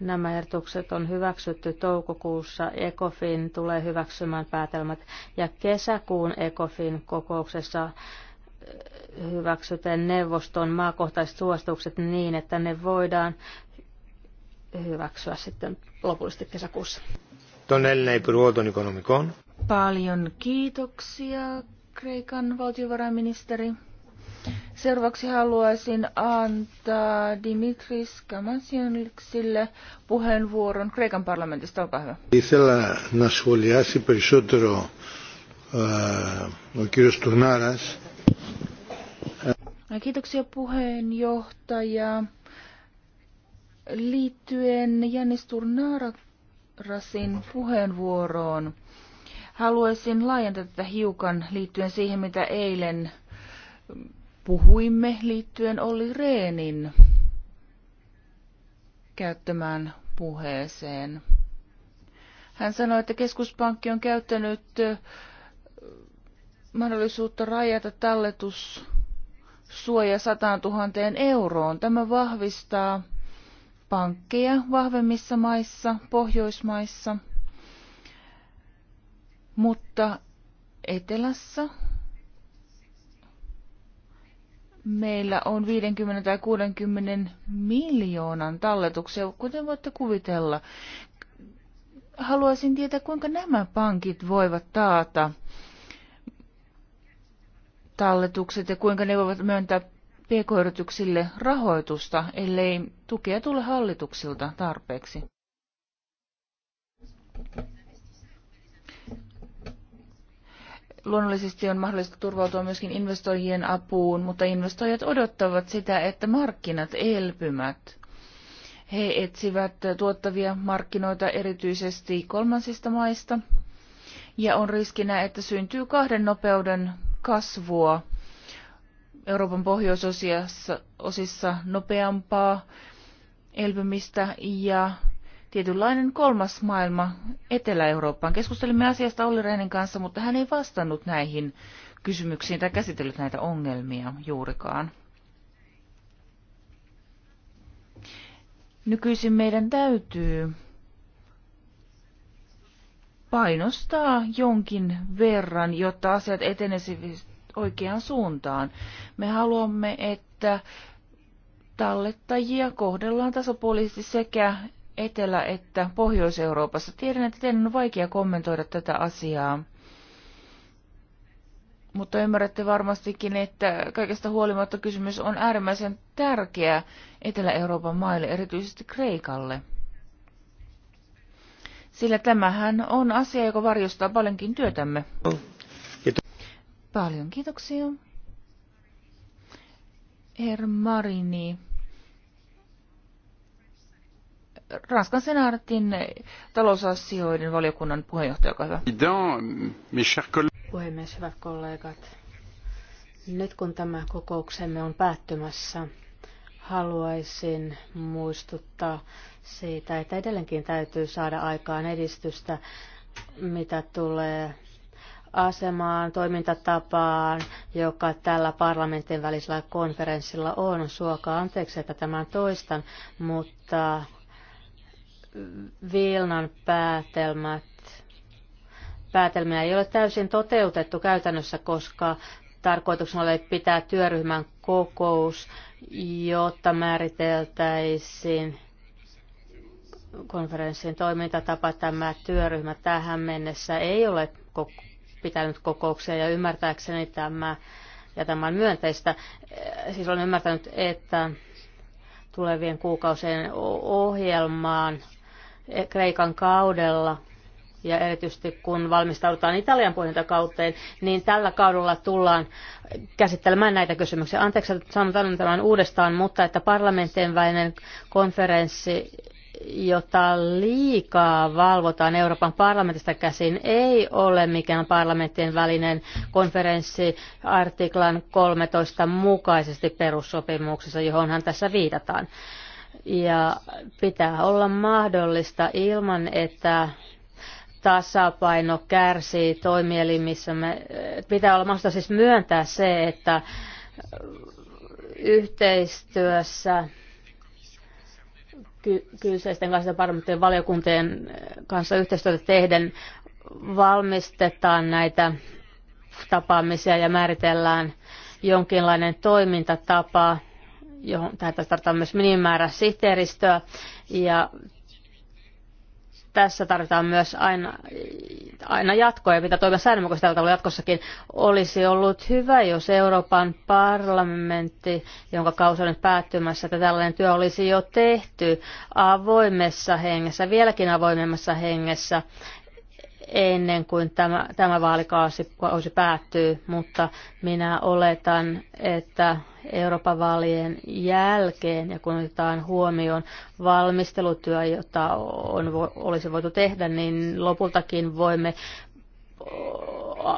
Nämä ehdotukset on hyväksytty toukokuussa. ECOFIN tulee hyväksymään päätelmät ja kesäkuun ECOFIN kokouksessa hyväksytään neuvoston maakohtaiset suositukset niin, että ne voidaan hyväksyä sitten lopullisesti kesäkuussa. Tonnellinen ei puhu Paljon kiitoksia, Kreikan valtiovarainministeri. Seuraavaksi haluaisin antaa Dimitris Kamasionliksille puheenvuoron Kreikan parlamentista. Olkaa hyvä. Ήθελα να σχολιάσει περισσότερο ο κύριος Τουρνάρας. Kiitoksia puheenjohtaja. Liittyen Janis Turnarasin puheenvuoroon, Haluaisin laajentaa tätä hiukan liittyen siihen, mitä eilen puhuimme liittyen Olli Reenin käyttämään puheeseen. Hän sanoi, että keskuspankki on käyttänyt mahdollisuutta rajata talletus suoja 100 000 euroon. Tämä vahvistaa pankkeja vahvemmissa maissa, Pohjoismaissa – mutta etelässä meillä on 50 tai 60 miljoonan talletuksia, kuten voitte kuvitella. Haluaisin tietää, kuinka nämä pankit voivat taata talletukset ja kuinka ne voivat myöntää pk-yrityksille rahoitusta, ellei tukea tule hallituksilta tarpeeksi. Luonnollisesti on mahdollista turvautua myöskin investoijien apuun, mutta investoijat odottavat sitä, että markkinat elpymät. He etsivät tuottavia markkinoita erityisesti kolmansista maista, ja on riskinä, että syntyy kahden nopeuden kasvua. Euroopan pohjoisosissa nopeampaa elpymistä ja tietynlainen kolmas maailma Etelä-Eurooppaan. Keskustelimme asiasta Olli Reinin kanssa, mutta hän ei vastannut näihin kysymyksiin tai käsitellyt näitä ongelmia juurikaan. Nykyisin meidän täytyy painostaa jonkin verran, jotta asiat etenisivät oikeaan suuntaan. Me haluamme, että tallettajia kohdellaan tasapuolisesti sekä Etelä- että Pohjois-Euroopassa. Tiedän, että teidän on vaikea kommentoida tätä asiaa. Mutta ymmärrätte varmastikin, että kaikesta huolimatta kysymys on äärimmäisen tärkeä Etelä-Euroopan maille, erityisesti Kreikalle. Sillä tämähän on asia, joka varjostaa paljonkin työtämme. Paljon kiitoksia. Herr Marini Ranskan senaatin talousasioiden valiokunnan puheenjohtaja, joka hyvä. Puhemies, hyvät kollegat. Nyt kun tämä kokouksemme on päättymässä, haluaisin muistuttaa siitä, että edelleenkin täytyy saada aikaan edistystä, mitä tulee asemaan, toimintatapaan, joka tällä parlamentin välisellä konferenssilla on. Suokaa anteeksi, että tämän toistan, mutta Vilnan päätelmät. Päätelmiä ei ole täysin toteutettu käytännössä, koska tarkoituksena oli pitää työryhmän kokous, jotta määriteltäisiin konferenssin toimintatapa. Tämä työryhmä tähän mennessä ei ole pitänyt kokouksia ja ymmärtääkseni tämä, ja tämä on myönteistä, eh, siis olen ymmärtänyt, että tulevien kuukausien ohjelmaan Kreikan kaudella ja erityisesti kun valmistaudutaan Italian puheenjohtajakauteen, niin tällä kaudella tullaan käsittelemään näitä kysymyksiä. Anteeksi, että sanon tämän uudestaan, mutta että parlamenttien välinen konferenssi jota liikaa valvotaan Euroopan parlamentista käsin, ei ole mikään parlamenttien välinen konferenssi artiklan 13 mukaisesti perussopimuksessa, johonhan tässä viitataan. Ja pitää olla mahdollista ilman, että tasapaino kärsii toimielimissä. Me, pitää olla mahdollista siis myöntää se, että yhteistyössä ky- kyseisten kanssa parlamenttien valiokuntien kanssa yhteistyötä tehden valmistetaan näitä tapaamisia ja määritellään jonkinlainen toimintatapa johon tästä tarvitaan myös minimimäärä sihteeristöä ja tässä tarvitaan myös aina, aina jatkoa ja toimia säännönmukaisesti tällä tavalla jatkossakin. Olisi ollut hyvä, jos Euroopan parlamentti, jonka kausi on nyt päättymässä, että tällainen työ olisi jo tehty avoimessa hengessä, vieläkin avoimemmassa hengessä ennen kuin tämä, tämä vaalikausi päättyy, mutta minä oletan, että Euroopan vaalien jälkeen ja kun otetaan huomioon valmistelutyö, jota on, olisi voitu tehdä, niin lopultakin voimme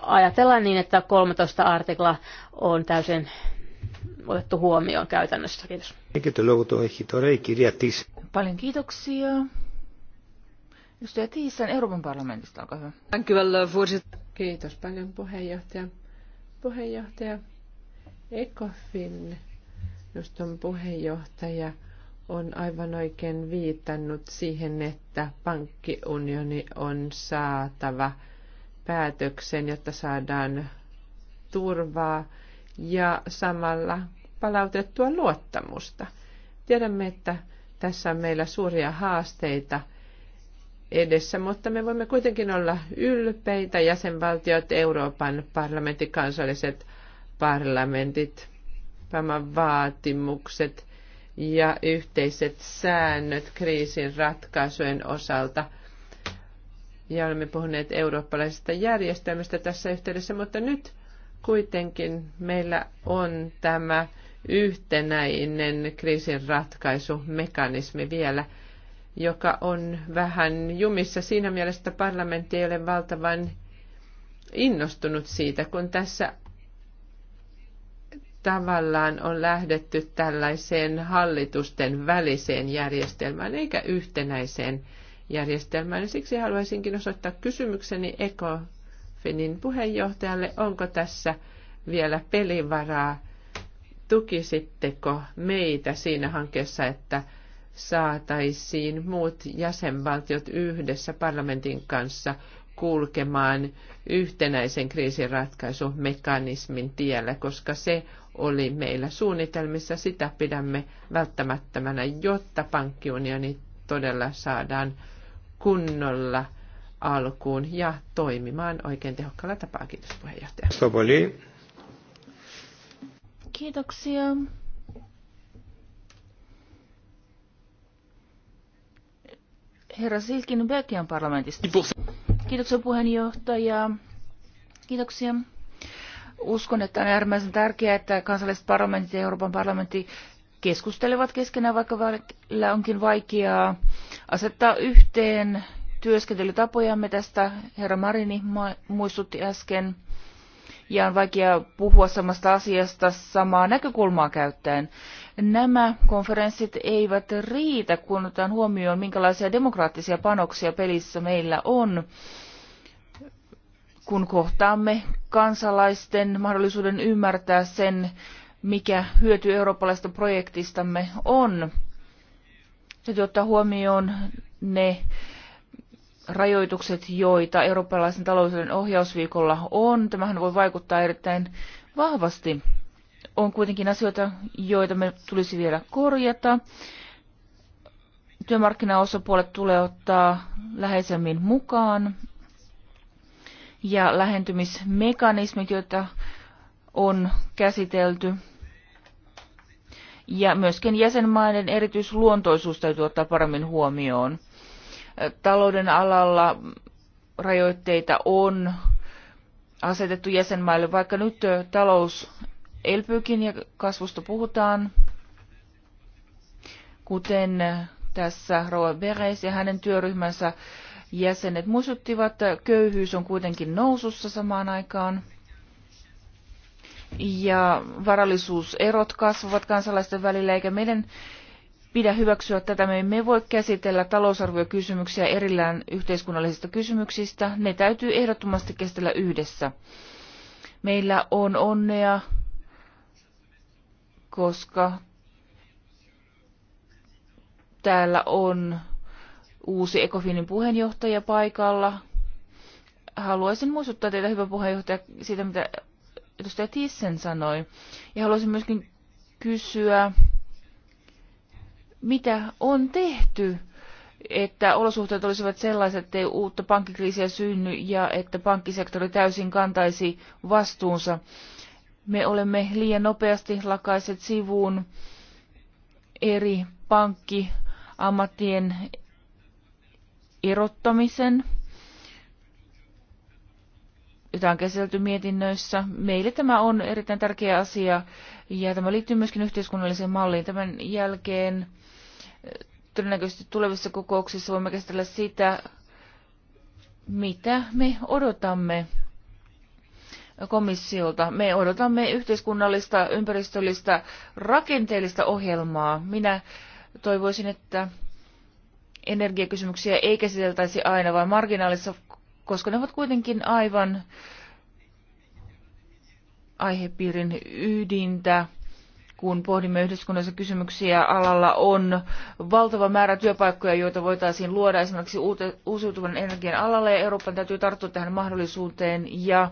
ajatella niin, että 13 artikla on täysin otettu huomioon käytännössä. Kiitos. Paljon kiitoksia. Edustaja Tiisan Euroopan parlamentista, olkaa hyvä. Uh, Kiitos paljon puheenjohtaja. Puheenjohtaja, ECOFIN neuvoston puheenjohtaja on aivan oikein viitannut siihen, että pankkiunioni on saatava päätöksen, jotta saadaan turvaa ja samalla palautettua luottamusta. Tiedämme, että tässä on meillä suuria haasteita edessä, mutta me voimme kuitenkin olla ylpeitä jäsenvaltiot, Euroopan parlamentti, kansalliset parlamentit, tämä vaatimukset ja yhteiset säännöt kriisin ratkaisujen osalta. Ja olemme puhuneet eurooppalaisesta järjestelmästä tässä yhteydessä, mutta nyt kuitenkin meillä on tämä yhtenäinen kriisin ratkaisumekanismi vielä, joka on vähän jumissa siinä mielessä, että parlamentti ei ole valtavan innostunut siitä, kun tässä tavallaan on lähdetty tällaiseen hallitusten väliseen järjestelmään eikä yhtenäiseen järjestelmään. Siksi haluaisinkin osoittaa kysymykseni ECOFINin puheenjohtajalle, onko tässä vielä pelivaraa. Tukisitteko meitä siinä hankkeessa, että saataisiin muut jäsenvaltiot yhdessä parlamentin kanssa kulkemaan yhtenäisen kriisiratkaisumekanismin tiellä, koska se oli meillä suunnitelmissa. Sitä pidämme välttämättömänä, jotta pankkiunioni todella saadaan kunnolla alkuun ja toimimaan oikein tehokkaalla tapaa. Kiitos puheenjohtaja. Kiitoksia. Herra Silkin Belgian parlamentista. Kiitoksia puheenjohtaja. Kiitoksia. Uskon, että on äärimmäisen tärkeää, että kansalliset parlamentit ja Euroopan parlamentti keskustelevat keskenään, vaikka välillä onkin vaikeaa asettaa yhteen työskentelytapojamme. Tästä herra Marini muistutti äsken ja on vaikea puhua samasta asiasta samaa näkökulmaa käyttäen. Nämä konferenssit eivät riitä, kun otetaan huomioon, minkälaisia demokraattisia panoksia pelissä meillä on kun kohtaamme kansalaisten mahdollisuuden ymmärtää sen, mikä hyöty eurooppalaisesta projektistamme on. Täytyy ottaa huomioon ne rajoitukset, joita eurooppalaisen talouden ohjausviikolla on. Tämähän voi vaikuttaa erittäin vahvasti. On kuitenkin asioita, joita me tulisi vielä korjata. Työmarkkinaosapuolet tulee ottaa läheisemmin mukaan. Ja lähentymismekanismit, joita on käsitelty. Ja myöskin jäsenmaiden erityisluontoisuus täytyy ottaa paremmin huomioon Talouden alalla rajoitteita on asetettu jäsenmaille, vaikka nyt talous elpyykin ja kasvusta puhutaan, kuten tässä Roa Beres ja hänen työryhmänsä jäsenet muistuttivat, että köyhyys on kuitenkin nousussa samaan aikaan. Ja varallisuuserot kasvavat kansalaisten välillä, eikä meidän pidä hyväksyä tätä. Me emme voi käsitellä talousarviokysymyksiä erillään yhteiskunnallisista kysymyksistä. Ne täytyy ehdottomasti käsitellä yhdessä. Meillä on onnea, koska täällä on uusi Ecofinin puheenjohtaja paikalla. Haluaisin muistuttaa teitä, hyvä puheenjohtaja, siitä, mitä edustaja Tissen sanoi. Ja haluaisin myöskin kysyä mitä on tehty, että olosuhteet olisivat sellaiset, ei uutta pankkikriisiä synny ja että pankkisektori täysin kantaisi vastuunsa. Me olemme liian nopeasti lakaiset sivuun eri pankkiammattien erottamisen, jota on käsitelty mietinnöissä. Meille tämä on erittäin tärkeä asia ja tämä liittyy myöskin yhteiskunnalliseen malliin. Tämän jälkeen todennäköisesti tulevissa kokouksissa voimme käsitellä sitä, mitä me odotamme komissiolta. Me odotamme yhteiskunnallista, ympäristöllistä, rakenteellista ohjelmaa. Minä toivoisin, että energiakysymyksiä ei käsiteltäisi aina vain marginaalissa, koska ne ovat kuitenkin aivan aihepiirin ydintä kun pohdimme yhteiskunnallisia kysymyksiä, alalla on valtava määrä työpaikkoja, joita voitaisiin luoda esimerkiksi uusiutuvan energian alalle. ja Euroopan täytyy tarttua tähän mahdollisuuteen ja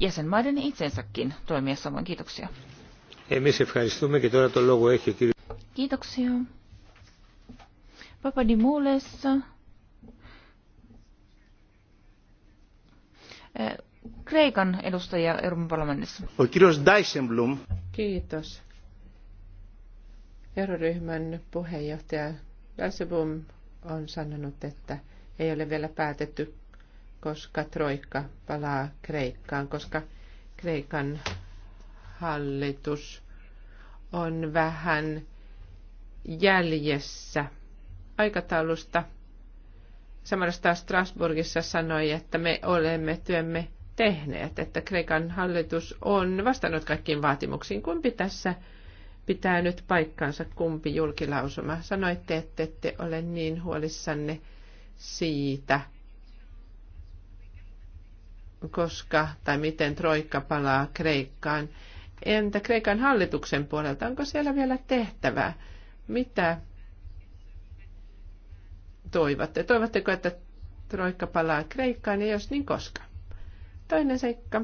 jäsenmaiden itsensäkin toimia samoin. Kiitoksia. Kiitoksia. Papadimoules. Kreikan edustaja Euroopan parlamentissa. Kiitos Dijsselbloem. Kiitos. Euroryhmän puheenjohtaja Dijsselbloem on sanonut, että ei ole vielä päätetty, koska Troikka palaa Kreikkaan, koska Kreikan hallitus on vähän jäljessä aikataulusta. Samasta Strasbourgissa sanoi, että me olemme työmme tehneet, että Kreikan hallitus on vastannut kaikkiin vaatimuksiin. Kumpi tässä pitää nyt paikkansa, kumpi julkilausuma? Sanoitte, että ette ole niin huolissanne siitä, koska tai miten Troikka palaa Kreikkaan. Entä Kreikan hallituksen puolelta, onko siellä vielä tehtävää? Mitä toivotte? Toivotteko, että Troikka palaa Kreikkaan ja jos niin koska? Toinen seikka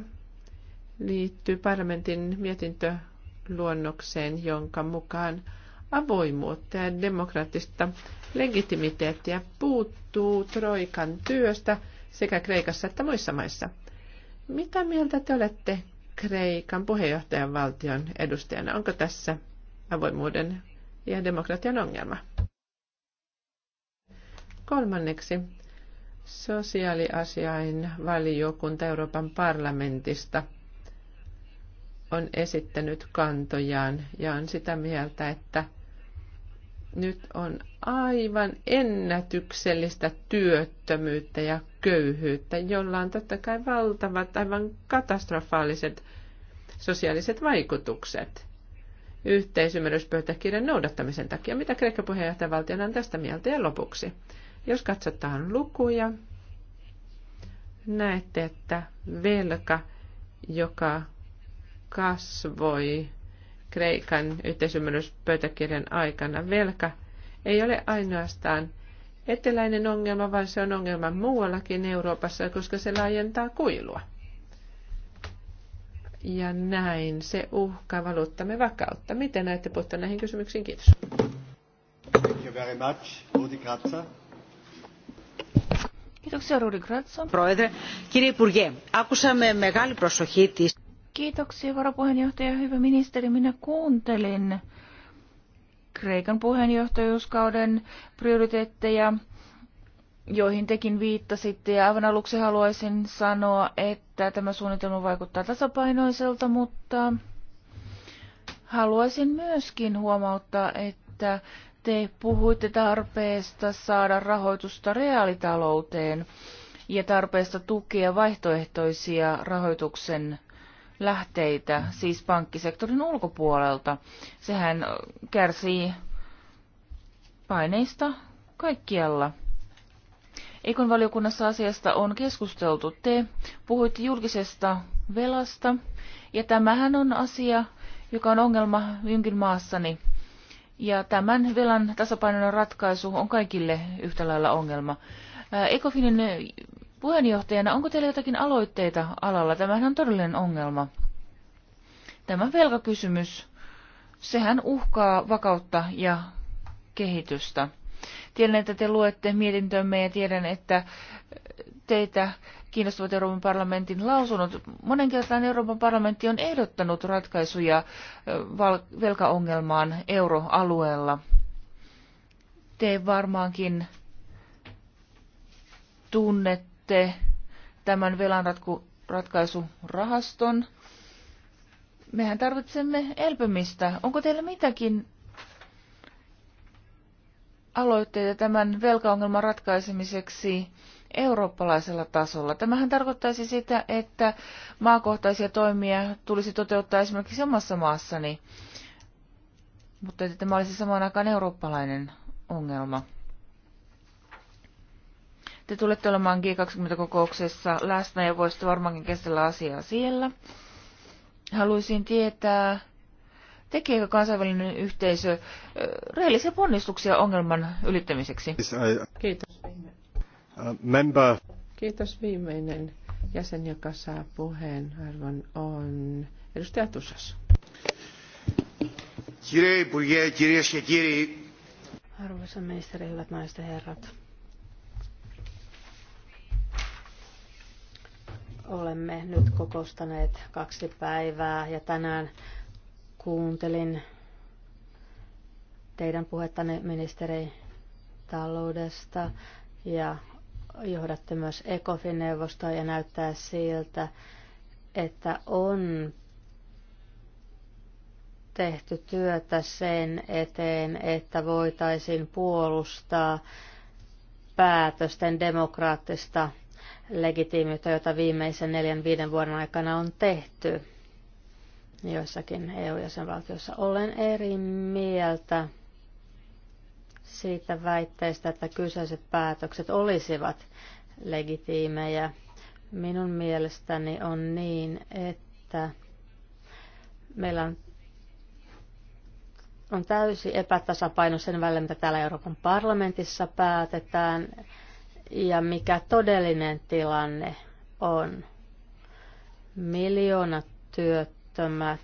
liittyy parlamentin mietintöluonnokseen, jonka mukaan avoimuutta ja demokraattista legitimiteettiä puuttuu Troikan työstä sekä Kreikassa että muissa maissa. Mitä mieltä te olette Kreikan puheenjohtajan valtion edustajana? Onko tässä avoimuuden ja demokratian ongelma? Kolmanneksi Sosiaaliasiain valiokunta Euroopan parlamentista on esittänyt kantojaan ja on sitä mieltä, että nyt on aivan ennätyksellistä työttömyyttä ja köyhyyttä, jolla on totta kai valtavat, aivan katastrofaaliset sosiaaliset vaikutukset yhteisymmärryspöytäkirjan noudattamisen takia. Mitä Kreikka puheenjohtajavaltiona on tästä mieltä ja lopuksi? Jos katsotaan lukuja, näette, että velka, joka kasvoi Kreikan yhteisymmärryspöytäkirjan aikana, velka ei ole ainoastaan eteläinen ongelma, vaan se on ongelma muuallakin Euroopassa, koska se laajentaa kuilua. Ja näin se uhkaa valuuttamme vakautta. Miten näette puuttua näihin kysymyksiin? Kiitos. Thank you very much. Kiitoksia Rudi Kratsa. Proedre, Purje, akusamme megali prosοχή της. varapuheenjohtaja, hyvä ministeri. Minä kuuntelin Kreikan puheenjohtajuuskauden prioriteetteja, joihin tekin viittasitte. Ja aivan aluksi haluaisin sanoa, että tämä suunnitelma vaikuttaa tasapainoiselta, mutta haluaisin myöskin huomauttaa, että te puhuitte tarpeesta saada rahoitusta reaalitalouteen ja tarpeesta tukea vaihtoehtoisia rahoituksen lähteitä, siis pankkisektorin ulkopuolelta. Sehän kärsii paineista kaikkialla. Eikon valiokunnassa asiasta on keskusteltu. Te puhuitte julkisesta velasta, ja tämähän on asia, joka on ongelma minkin maassani. Ja tämän velan tasapainon ratkaisu on kaikille yhtä lailla ongelma. Ekofinin puheenjohtajana, onko teillä jotakin aloitteita alalla? Tämähän on todellinen ongelma. Tämä velkakysymys, sehän uhkaa vakautta ja kehitystä. Tiedän, että te luette mietintömme ja tiedän, että teitä kiinnostavat Euroopan parlamentin lausunnot. Monen kertaan Euroopan parlamentti on ehdottanut ratkaisuja velkaongelmaan euroalueella. Te varmaankin tunnette tämän velanratkaisurahaston. Mehän tarvitsemme elpymistä. Onko teillä mitäkin aloitteita tämän velkaongelman ratkaisemiseksi eurooppalaisella tasolla. Tämähän tarkoittaisi sitä, että maakohtaisia toimia tulisi toteuttaa esimerkiksi omassa maassani, mutta että tämä olisi samaan aikaan eurooppalainen ongelma. Te tulette olemaan G20-kokouksessa läsnä ja voisitte varmaankin käsitellä asiaa siellä. Haluaisin tietää, tekeekö kansainvälinen yhteisö rehellisiä ponnistuksia ongelman ylittämiseksi? Kiitos member. Kiitos viimeinen jäsen, joka saa puheen arvon, on edustaja Tusas. Arvoisa ministeri, hyvät naiset ja herrat. Olemme nyt kokoustaneet kaksi päivää ja tänään kuuntelin teidän puhettanne ministeri taloudesta ja johdatte myös ECOFIN-neuvostoa ja näyttää siltä, että on tehty työtä sen eteen, että voitaisiin puolustaa päätösten demokraattista legitiimiyttä, jota viimeisen neljän viiden vuoden aikana on tehty joissakin EU-jäsenvaltioissa. Olen eri mieltä siitä väitteestä, että kyseiset päätökset olisivat legitiimejä. Minun mielestäni on niin, että meillä on, on täysi epätasapaino sen välillä, mitä täällä Euroopan parlamentissa päätetään ja mikä todellinen tilanne on. Miljoonat työttömät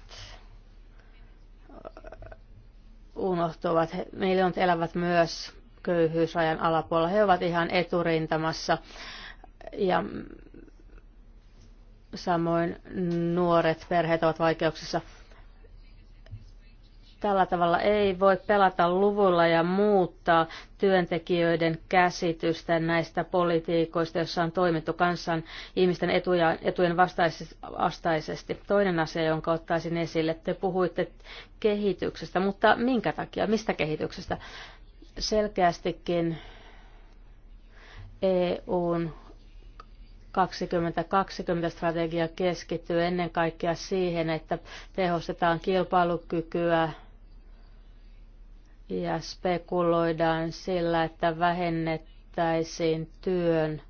unohtuvat. Miljoonat elävät myös köyhyysrajan alapuolella. He ovat ihan eturintamassa. Ja samoin nuoret perheet ovat vaikeuksissa. Tällä tavalla ei voi pelata luvulla ja muuttaa työntekijöiden käsitystä näistä politiikoista, joissa on toimittu kansan ihmisten etuja, etujen vastaisesti. Toinen asia, jonka ottaisin esille, te puhuitte kehityksestä, mutta minkä takia, mistä kehityksestä? Selkeästikin EUn 2020-strategia keskittyy ennen kaikkea siihen, että tehostetaan kilpailukykyä, ja spekuloidaan sillä, että vähennettäisiin työn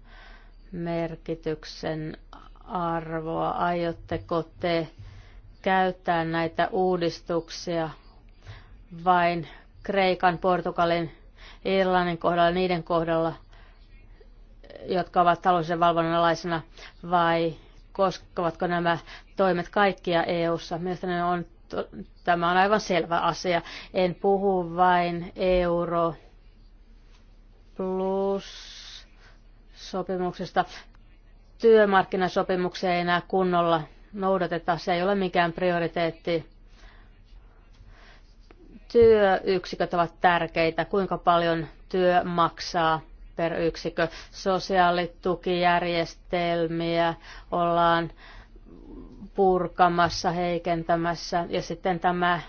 merkityksen arvoa. Aiotteko te käyttää näitä uudistuksia vain Kreikan, Portugalin, Irlannin kohdalla, niiden kohdalla, jotka ovat taloudellisen valvonnan alaisena, vai koskevatko nämä toimet kaikkia EU-ssa? Mielestäni on Tämä on aivan selvä asia. En puhu vain euro plus sopimuksesta. Työmarkkinasopimuksia ei enää kunnolla noudateta. Se ei ole mikään prioriteetti työyksiköt ovat tärkeitä, kuinka paljon työ maksaa per yksikö. Sosiaalitukijärjestelmiä ollaan purkamassa, heikentämässä. Ja sitten tämä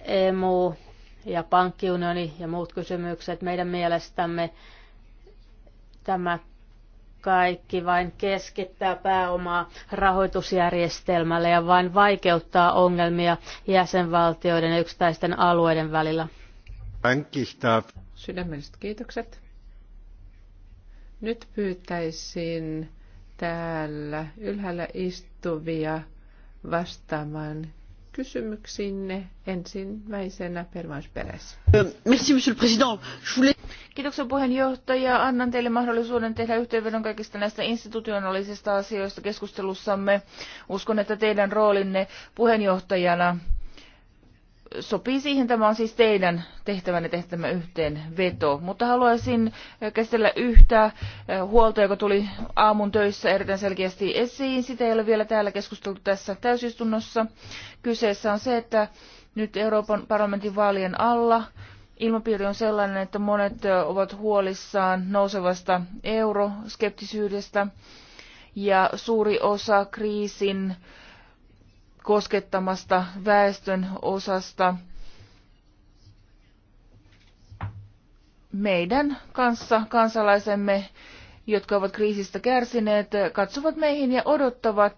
EMU ja pankkiunioni ja muut kysymykset meidän mielestämme tämä kaikki vain keskittää pääomaa rahoitusjärjestelmälle ja vain vaikeuttaa ongelmia jäsenvaltioiden ja yksittäisten alueiden välillä. Pankista. Sydämelliset kiitokset. Nyt pyytäisin täällä ylhäällä istuvia vastaamaan kysymyksiinne ensimmäisenä permausperässä. Merci, monsieur le président. Kiitoksia puheenjohtaja. Annan teille mahdollisuuden tehdä yhteenvedon kaikista näistä institutionaalisista asioista keskustelussamme. Uskon, että teidän roolinne puheenjohtajana sopii siihen. Tämä on siis teidän tehtävänne tehtävä yhteen veto, mutta haluaisin eh, käsitellä yhtä eh, huolta, joka tuli aamun töissä erittäin selkeästi esiin. Sitä ei ole vielä täällä keskusteltu tässä täysistunnossa. Kyseessä on se, että nyt Euroopan parlamentin vaalien alla ilmapiiri on sellainen, että monet eh, ovat huolissaan nousevasta euroskeptisyydestä ja suuri osa kriisin äh, koskettamasta väestön osasta meidän kanssa kansalaisemme, jotka ovat kriisistä kärsineet, katsovat meihin ja odottavat,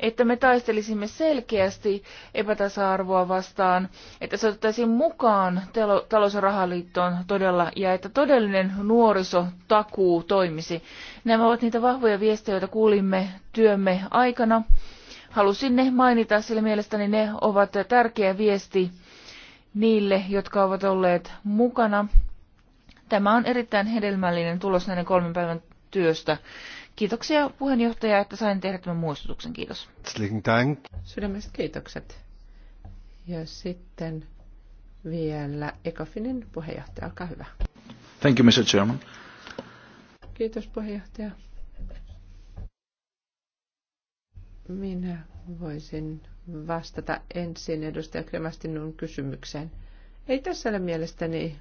että me taistelisimme selkeästi epätasa-arvoa vastaan, että se otettaisiin mukaan talous- ja rahaliittoon todella ja että todellinen nuorisotakuu toimisi. Nämä ovat niitä vahvoja viestejä, joita kuulimme työmme aikana. Halusin ne mainita, sillä mielestäni ne ovat tärkeä viesti niille, jotka ovat olleet mukana. Tämä on erittäin hedelmällinen tulos näiden kolmen päivän työstä. Kiitoksia puheenjohtaja, että sain tehdä tämän muistutuksen. Kiitos. Sydämestä kiitokset. Ja sitten vielä Ekofinin puheenjohtaja, olkaa hyvä. Thank you, Mr. Chairman. Kiitos puheenjohtaja. Minä voisin vastata ensin edustaja Kremastinun kysymykseen. Ei tässä ole mielestäni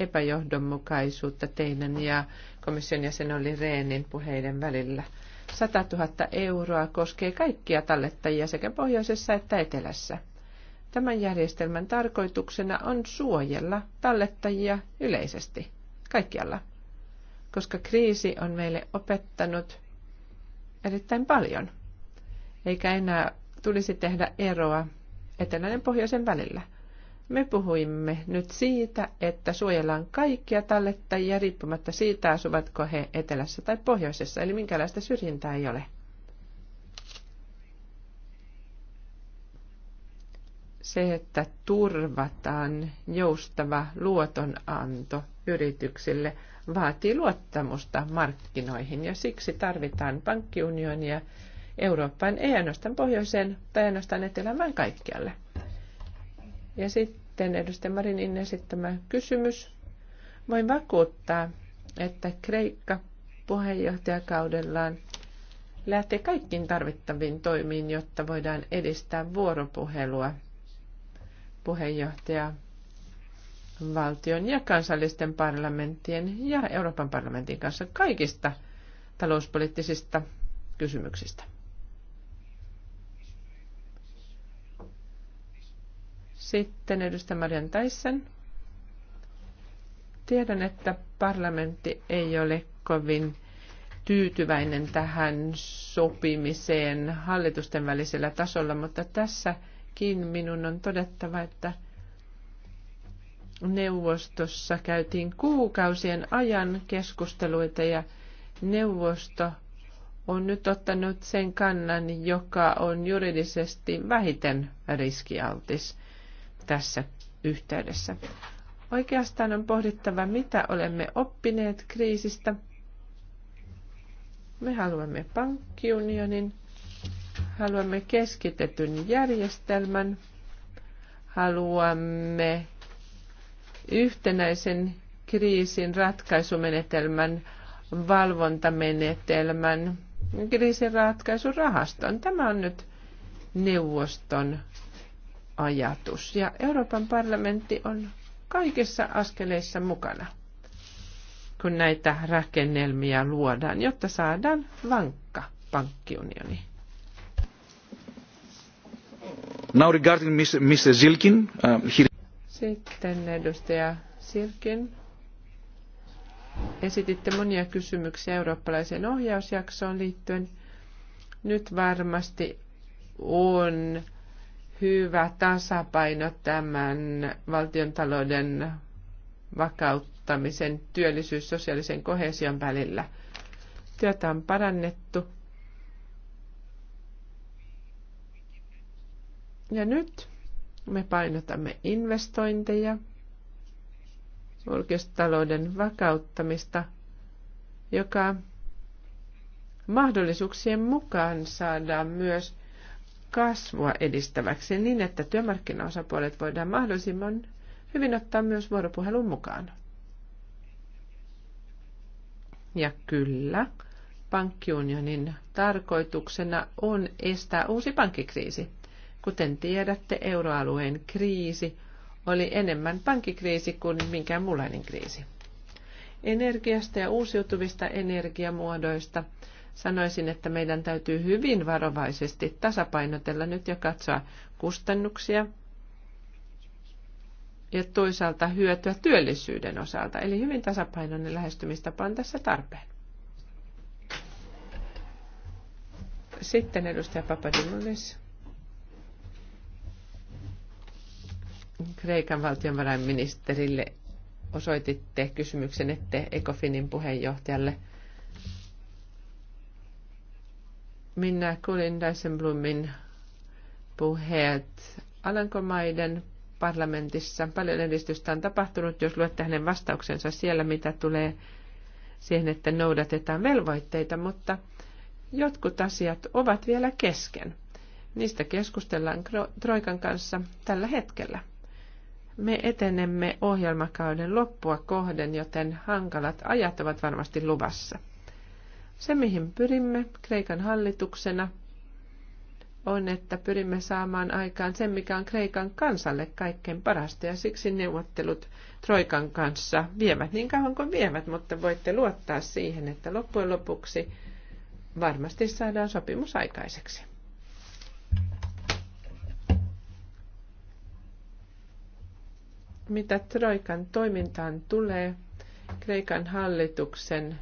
epäjohdonmukaisuutta teidän ja komission jäsen oli Reenin puheiden välillä. 100 000 euroa koskee kaikkia tallettajia sekä pohjoisessa että etelässä. Tämän järjestelmän tarkoituksena on suojella tallettajia yleisesti, kaikkialla, koska kriisi on meille opettanut erittäin paljon – eikä enää tulisi tehdä eroa etelän ja pohjoisen välillä. Me puhuimme nyt siitä, että suojellaan kaikkia tallettajia riippumatta siitä, asuvatko he etelässä tai pohjoisessa, eli minkälaista syrjintää ei ole. Se, että turvataan joustava luotonanto yrityksille, vaatii luottamusta markkinoihin ja siksi tarvitaan pankkiunionia Eurooppaan, ei ainoastaan pohjoiseen tai ainoastaan etelään, vaan kaikkialle. Ja sitten edustaja Marinin esittämä kysymys. Voin vakuuttaa, että Kreikka puheenjohtajakaudellaan lähtee kaikkiin tarvittaviin toimiin, jotta voidaan edistää vuoropuhelua puheenjohtaja valtion ja kansallisten parlamenttien ja Euroopan parlamentin kanssa kaikista talouspoliittisista kysymyksistä. Sitten edustaja Marian Taisen. Tiedän, että parlamentti ei ole kovin tyytyväinen tähän sopimiseen hallitusten välisellä tasolla, mutta tässäkin minun on todettava, että neuvostossa käytiin kuukausien ajan keskusteluita ja neuvosto on nyt ottanut sen kannan, joka on juridisesti vähiten riskialtis tässä yhteydessä. Oikeastaan on pohdittava, mitä olemme oppineet kriisistä. Me haluamme pankkiunionin, haluamme keskitetyn järjestelmän, haluamme yhtenäisen kriisin ratkaisumenetelmän, valvontamenetelmän, kriisin ratkaisurahaston. Tämä on nyt neuvoston ajatus. Ja Euroopan parlamentti on kaikissa askeleissa mukana, kun näitä rakennelmia luodaan, jotta saadaan vankka pankkiunioni. Now regarding Mr. Zilkin, uh, he... Sitten edustaja Silkin. Esititte monia kysymyksiä eurooppalaiseen ohjausjaksoon liittyen. Nyt varmasti on hyvä tasapaino tämän valtiontalouden vakauttamisen, työllisyys, sosiaalisen kohesion välillä. Työtä on parannettu. Ja nyt me painotamme investointeja, julkistalouden vakauttamista, joka mahdollisuuksien mukaan saadaan myös kasvua edistäväksi niin, että työmarkkinaosapuolet voidaan mahdollisimman hyvin ottaa myös vuoropuhelun mukaan. Ja kyllä, pankkiunionin tarkoituksena on estää uusi pankkikriisi. Kuten tiedätte, euroalueen kriisi oli enemmän pankkikriisi kuin minkään muunlainen kriisi. Energiasta ja uusiutuvista energiamuodoista – sanoisin, että meidän täytyy hyvin varovaisesti tasapainotella nyt ja katsoa kustannuksia ja toisaalta hyötyä työllisyyden osalta. Eli hyvin tasapainoinen lähestymistapa on tässä tarpeen. Sitten edustaja Papadimonis. Kreikan valtionvarainministerille osoititte kysymyksen että Ecofinin puheenjohtajalle – Minä kuulin Dysenblumin puheet Alankomaiden parlamentissa. Paljon edistystä on tapahtunut, jos luette hänen vastauksensa siellä, mitä tulee siihen, että noudatetaan velvoitteita, mutta jotkut asiat ovat vielä kesken. Niistä keskustellaan Troikan kanssa tällä hetkellä. Me etenemme ohjelmakauden loppua kohden, joten hankalat ajat ovat varmasti luvassa. Se, mihin pyrimme Kreikan hallituksena, on, että pyrimme saamaan aikaan sen, mikä on Kreikan kansalle kaikkein parasta, ja siksi neuvottelut Troikan kanssa vievät niin kauan kuin vievät, mutta voitte luottaa siihen, että loppujen lopuksi varmasti saadaan sopimus aikaiseksi. Mitä Troikan toimintaan tulee, Kreikan hallituksen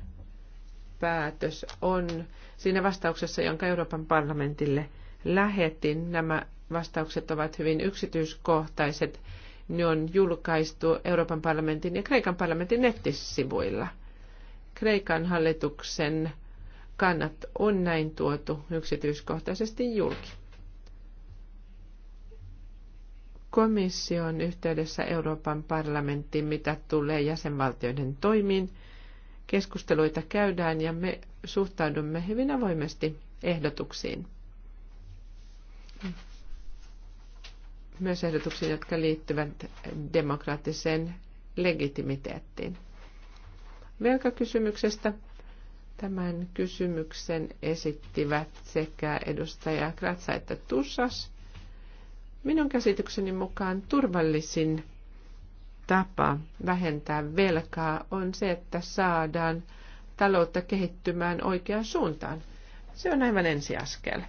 päätös on siinä vastauksessa, jonka Euroopan parlamentille lähetin. Nämä vastaukset ovat hyvin yksityiskohtaiset. Ne on julkaistu Euroopan parlamentin ja Kreikan parlamentin nettisivuilla. Kreikan hallituksen kannat on näin tuotu yksityiskohtaisesti julki. Komission yhteydessä Euroopan parlamenttiin, mitä tulee jäsenvaltioiden toimiin – keskusteluita käydään ja me suhtaudumme hyvin avoimesti ehdotuksiin. Myös ehdotuksiin, jotka liittyvät demokraattiseen legitimiteettiin. Velkakysymyksestä tämän kysymyksen esittivät sekä edustaja Kratsa että Tussas. Minun käsitykseni mukaan turvallisin tapa vähentää velkaa on se, että saadaan taloutta kehittymään oikeaan suuntaan. Se on aivan ensiaskel.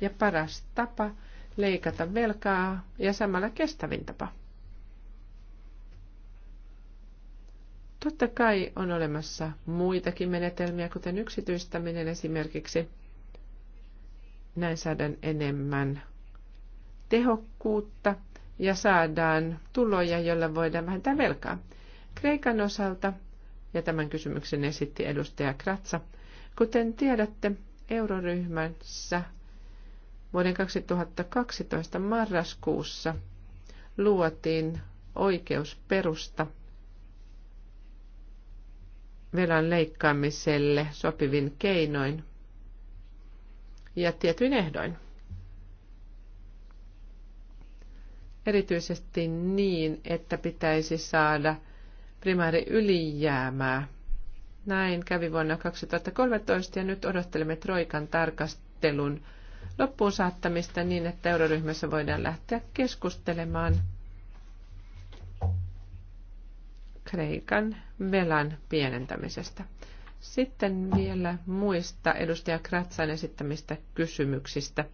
Ja paras tapa leikata velkaa ja samalla kestävin tapa. Totta kai on olemassa muitakin menetelmiä, kuten yksityistäminen esimerkiksi. Näin saadaan enemmän tehokkuutta – ja saadaan tuloja, joilla voidaan vähentää velkaa. Kreikan osalta, ja tämän kysymyksen esitti edustaja Kratsa, kuten tiedätte, euroryhmässä vuoden 2012 marraskuussa luotiin oikeusperusta velan leikkaamiselle sopivin keinoin ja tietyin ehdoin. erityisesti niin, että pitäisi saada primääri ylijäämää. Näin kävi vuonna 2013 ja nyt odottelemme Troikan tarkastelun loppuun saattamista niin, että euroryhmässä voidaan lähteä keskustelemaan Kreikan velan pienentämisestä. Sitten vielä muista edustaja Kratsan esittämistä kysymyksistä –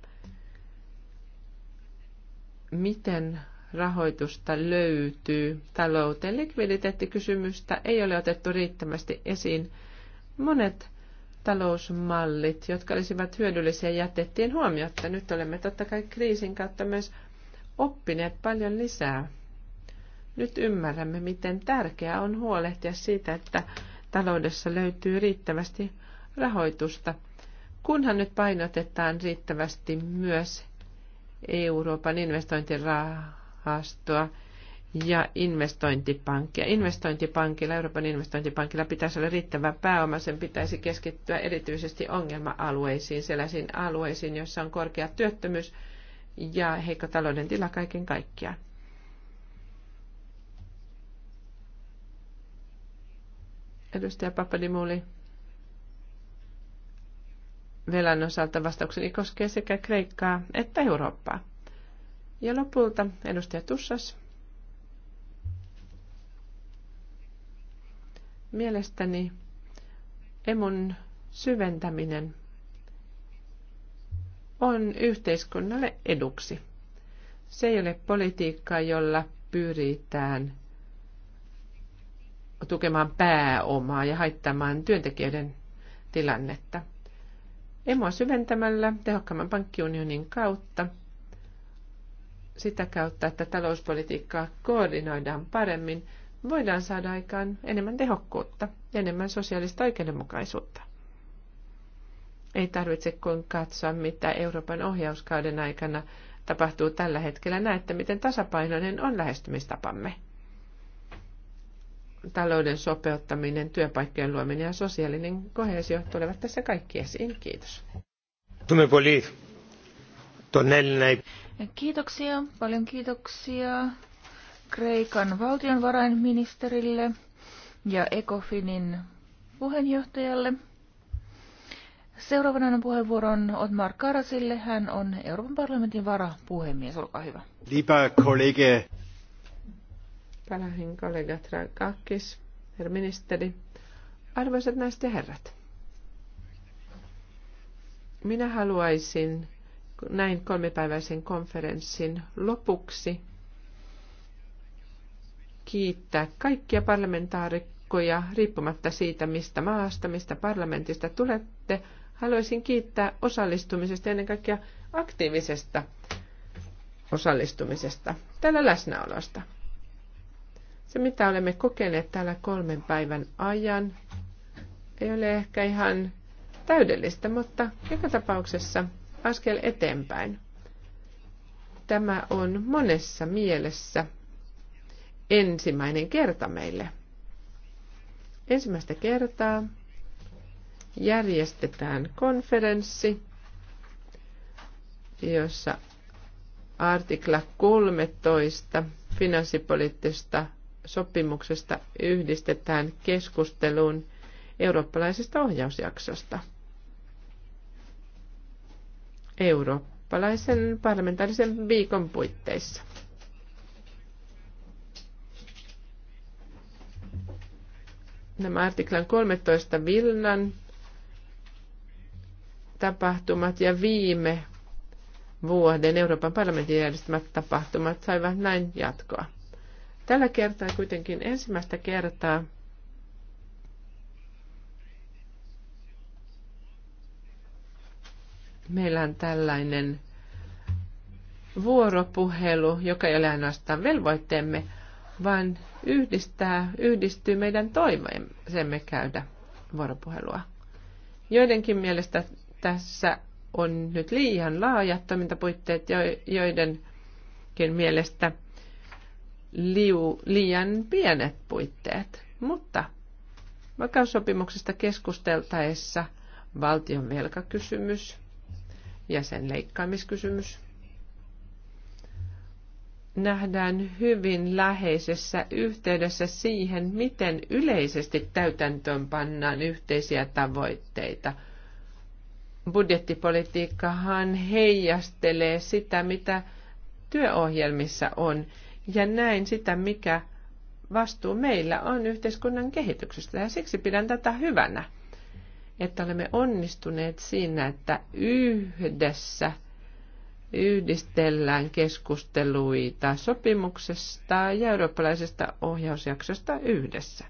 miten rahoitusta löytyy talouteen. Likviditeettikysymystä ei ole otettu riittävästi esiin. Monet talousmallit, jotka olisivat hyödyllisiä, jätettiin huomiotta. Nyt olemme totta kai kriisin kautta myös oppineet paljon lisää. Nyt ymmärrämme, miten tärkeää on huolehtia siitä, että taloudessa löytyy riittävästi rahoitusta, kunhan nyt painotetaan riittävästi myös Euroopan investointirahastoa ja investointipankkia. Investointipankilla, Euroopan investointipankilla pitäisi olla riittävä pääoma, sen pitäisi keskittyä erityisesti ongelma-alueisiin, sellaisiin alueisiin, joissa on korkea työttömyys ja heikko talouden tila kaiken kaikkiaan. Edustaja Papadimuli velan osalta vastaukseni koskee sekä Kreikkaa että Eurooppaa. Ja lopulta edustaja Tussas. Mielestäni emun syventäminen on yhteiskunnalle eduksi. Se ei ole politiikkaa, jolla pyritään tukemaan pääomaa ja haittamaan työntekijöiden tilannetta – Emoa syventämällä tehokkaamman pankkiunionin kautta sitä kautta, että talouspolitiikkaa koordinoidaan paremmin, voidaan saada aikaan enemmän tehokkuutta ja enemmän sosiaalista oikeudenmukaisuutta. Ei tarvitse kuin katsoa, mitä Euroopan ohjauskauden aikana tapahtuu tällä hetkellä. Näette, miten tasapainoinen on lähestymistapamme talouden sopeuttaminen, työpaikkojen luominen ja sosiaalinen kohesio tulevat tässä kaikki esiin. Kiitos. Kiitoksia, paljon kiitoksia Kreikan valtionvarainministerille ja Ecofinin puheenjohtajalle. Seuraavana on puheenvuoron Otmar Karasille. Hän on Euroopan parlamentin varapuhemies. Olkaa hyvä. Lieber Kollege Palahin kollega Trakakis, herra ministeri. Arvoisat naiset ja herrat, minä haluaisin näin kolmipäiväisen konferenssin lopuksi kiittää kaikkia parlamentaarikkoja riippumatta siitä, mistä maasta, mistä parlamentista tulette. Haluaisin kiittää osallistumisesta ja ennen kaikkea aktiivisesta osallistumisesta, tällä läsnäolosta. Se, mitä olemme kokeneet täällä kolmen päivän ajan, ei ole ehkä ihan täydellistä, mutta joka tapauksessa askel eteenpäin. Tämä on monessa mielessä ensimmäinen kerta meille. Ensimmäistä kertaa järjestetään konferenssi, jossa artikla 13 finanssipoliittista sopimuksesta yhdistetään keskusteluun eurooppalaisesta ohjausjaksosta. Eurooppalaisen parlamentaarisen viikon puitteissa. Nämä artiklan 13 Vilnan tapahtumat ja viime vuoden Euroopan parlamentin järjestämät tapahtumat saivat näin jatkoa. Tällä kertaa kuitenkin ensimmäistä kertaa meillä on tällainen vuoropuhelu, joka ei ole ainoastaan velvoitteemme, vaan yhdistää, yhdistyy meidän toimeemme käydä vuoropuhelua. Joidenkin mielestä tässä on nyt liian laajat toimintapuitteet, joidenkin mielestä – liu, liian pienet puitteet, mutta vakaussopimuksesta keskusteltaessa valtion velkakysymys ja sen leikkaamiskysymys nähdään hyvin läheisessä yhteydessä siihen, miten yleisesti täytäntöön pannaan yhteisiä tavoitteita. Budjettipolitiikkahan heijastelee sitä, mitä työohjelmissa on ja näin sitä, mikä vastuu meillä on yhteiskunnan kehityksestä. Ja siksi pidän tätä hyvänä, että olemme onnistuneet siinä, että yhdessä yhdistellään keskusteluita sopimuksesta ja eurooppalaisesta ohjausjaksosta yhdessä.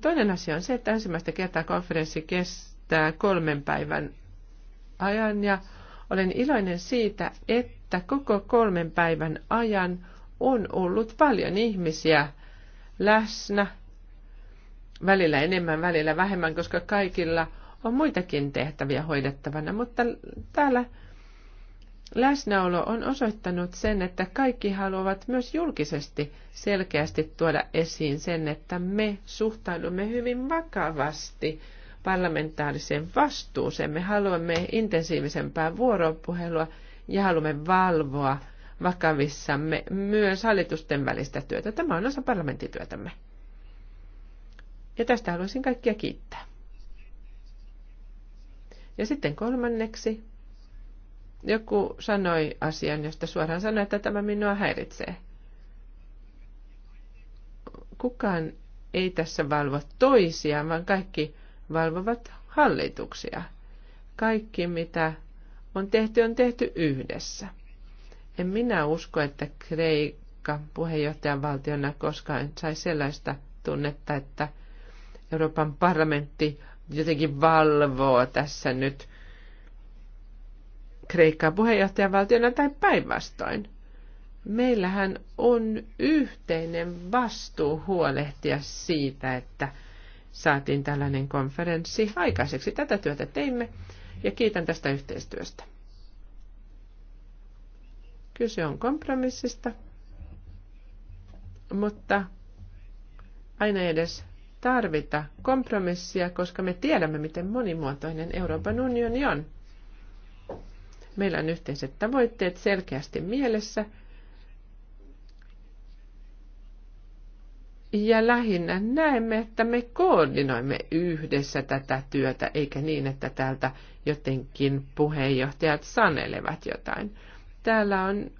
Toinen asia on se, että ensimmäistä kertaa konferenssi kestää kolmen päivän ajan ja olen iloinen siitä, että että koko kolmen päivän ajan on ollut paljon ihmisiä läsnä, välillä enemmän, välillä vähemmän, koska kaikilla on muitakin tehtäviä hoidettavana, mutta täällä läsnäolo on osoittanut sen, että kaikki haluavat myös julkisesti selkeästi tuoda esiin sen, että me suhtaudumme hyvin vakavasti parlamentaariseen vastuuseen. Me haluamme intensiivisempää vuoropuhelua ja haluamme valvoa vakavissamme myös hallitusten välistä työtä. Tämä on osa parlamenttityötämme. Ja tästä haluaisin kaikkia kiittää. Ja sitten kolmanneksi, joku sanoi asian, josta suoraan sanoi, että tämä minua häiritsee. Kukaan ei tässä valvo toisiaan, vaan kaikki valvovat hallituksia. Kaikki, mitä on tehty, on tehty yhdessä. En minä usko, että Kreikka valtiona koskaan sai sellaista tunnetta, että Euroopan parlamentti jotenkin valvoo tässä nyt Kreikkaa valtiona tai päinvastoin. Meillähän on yhteinen vastuu huolehtia siitä, että saatiin tällainen konferenssi aikaiseksi. Tätä työtä teimme ja kiitän tästä yhteistyöstä. Kyse on kompromissista, mutta aina edes tarvita kompromissia, koska me tiedämme, miten monimuotoinen Euroopan unioni on. Meillä on yhteiset tavoitteet selkeästi mielessä – Ja lähinnä näemme, että me koordinoimme yhdessä tätä työtä, eikä niin, että täältä jotenkin puheenjohtajat sanelevat jotain. Täällä on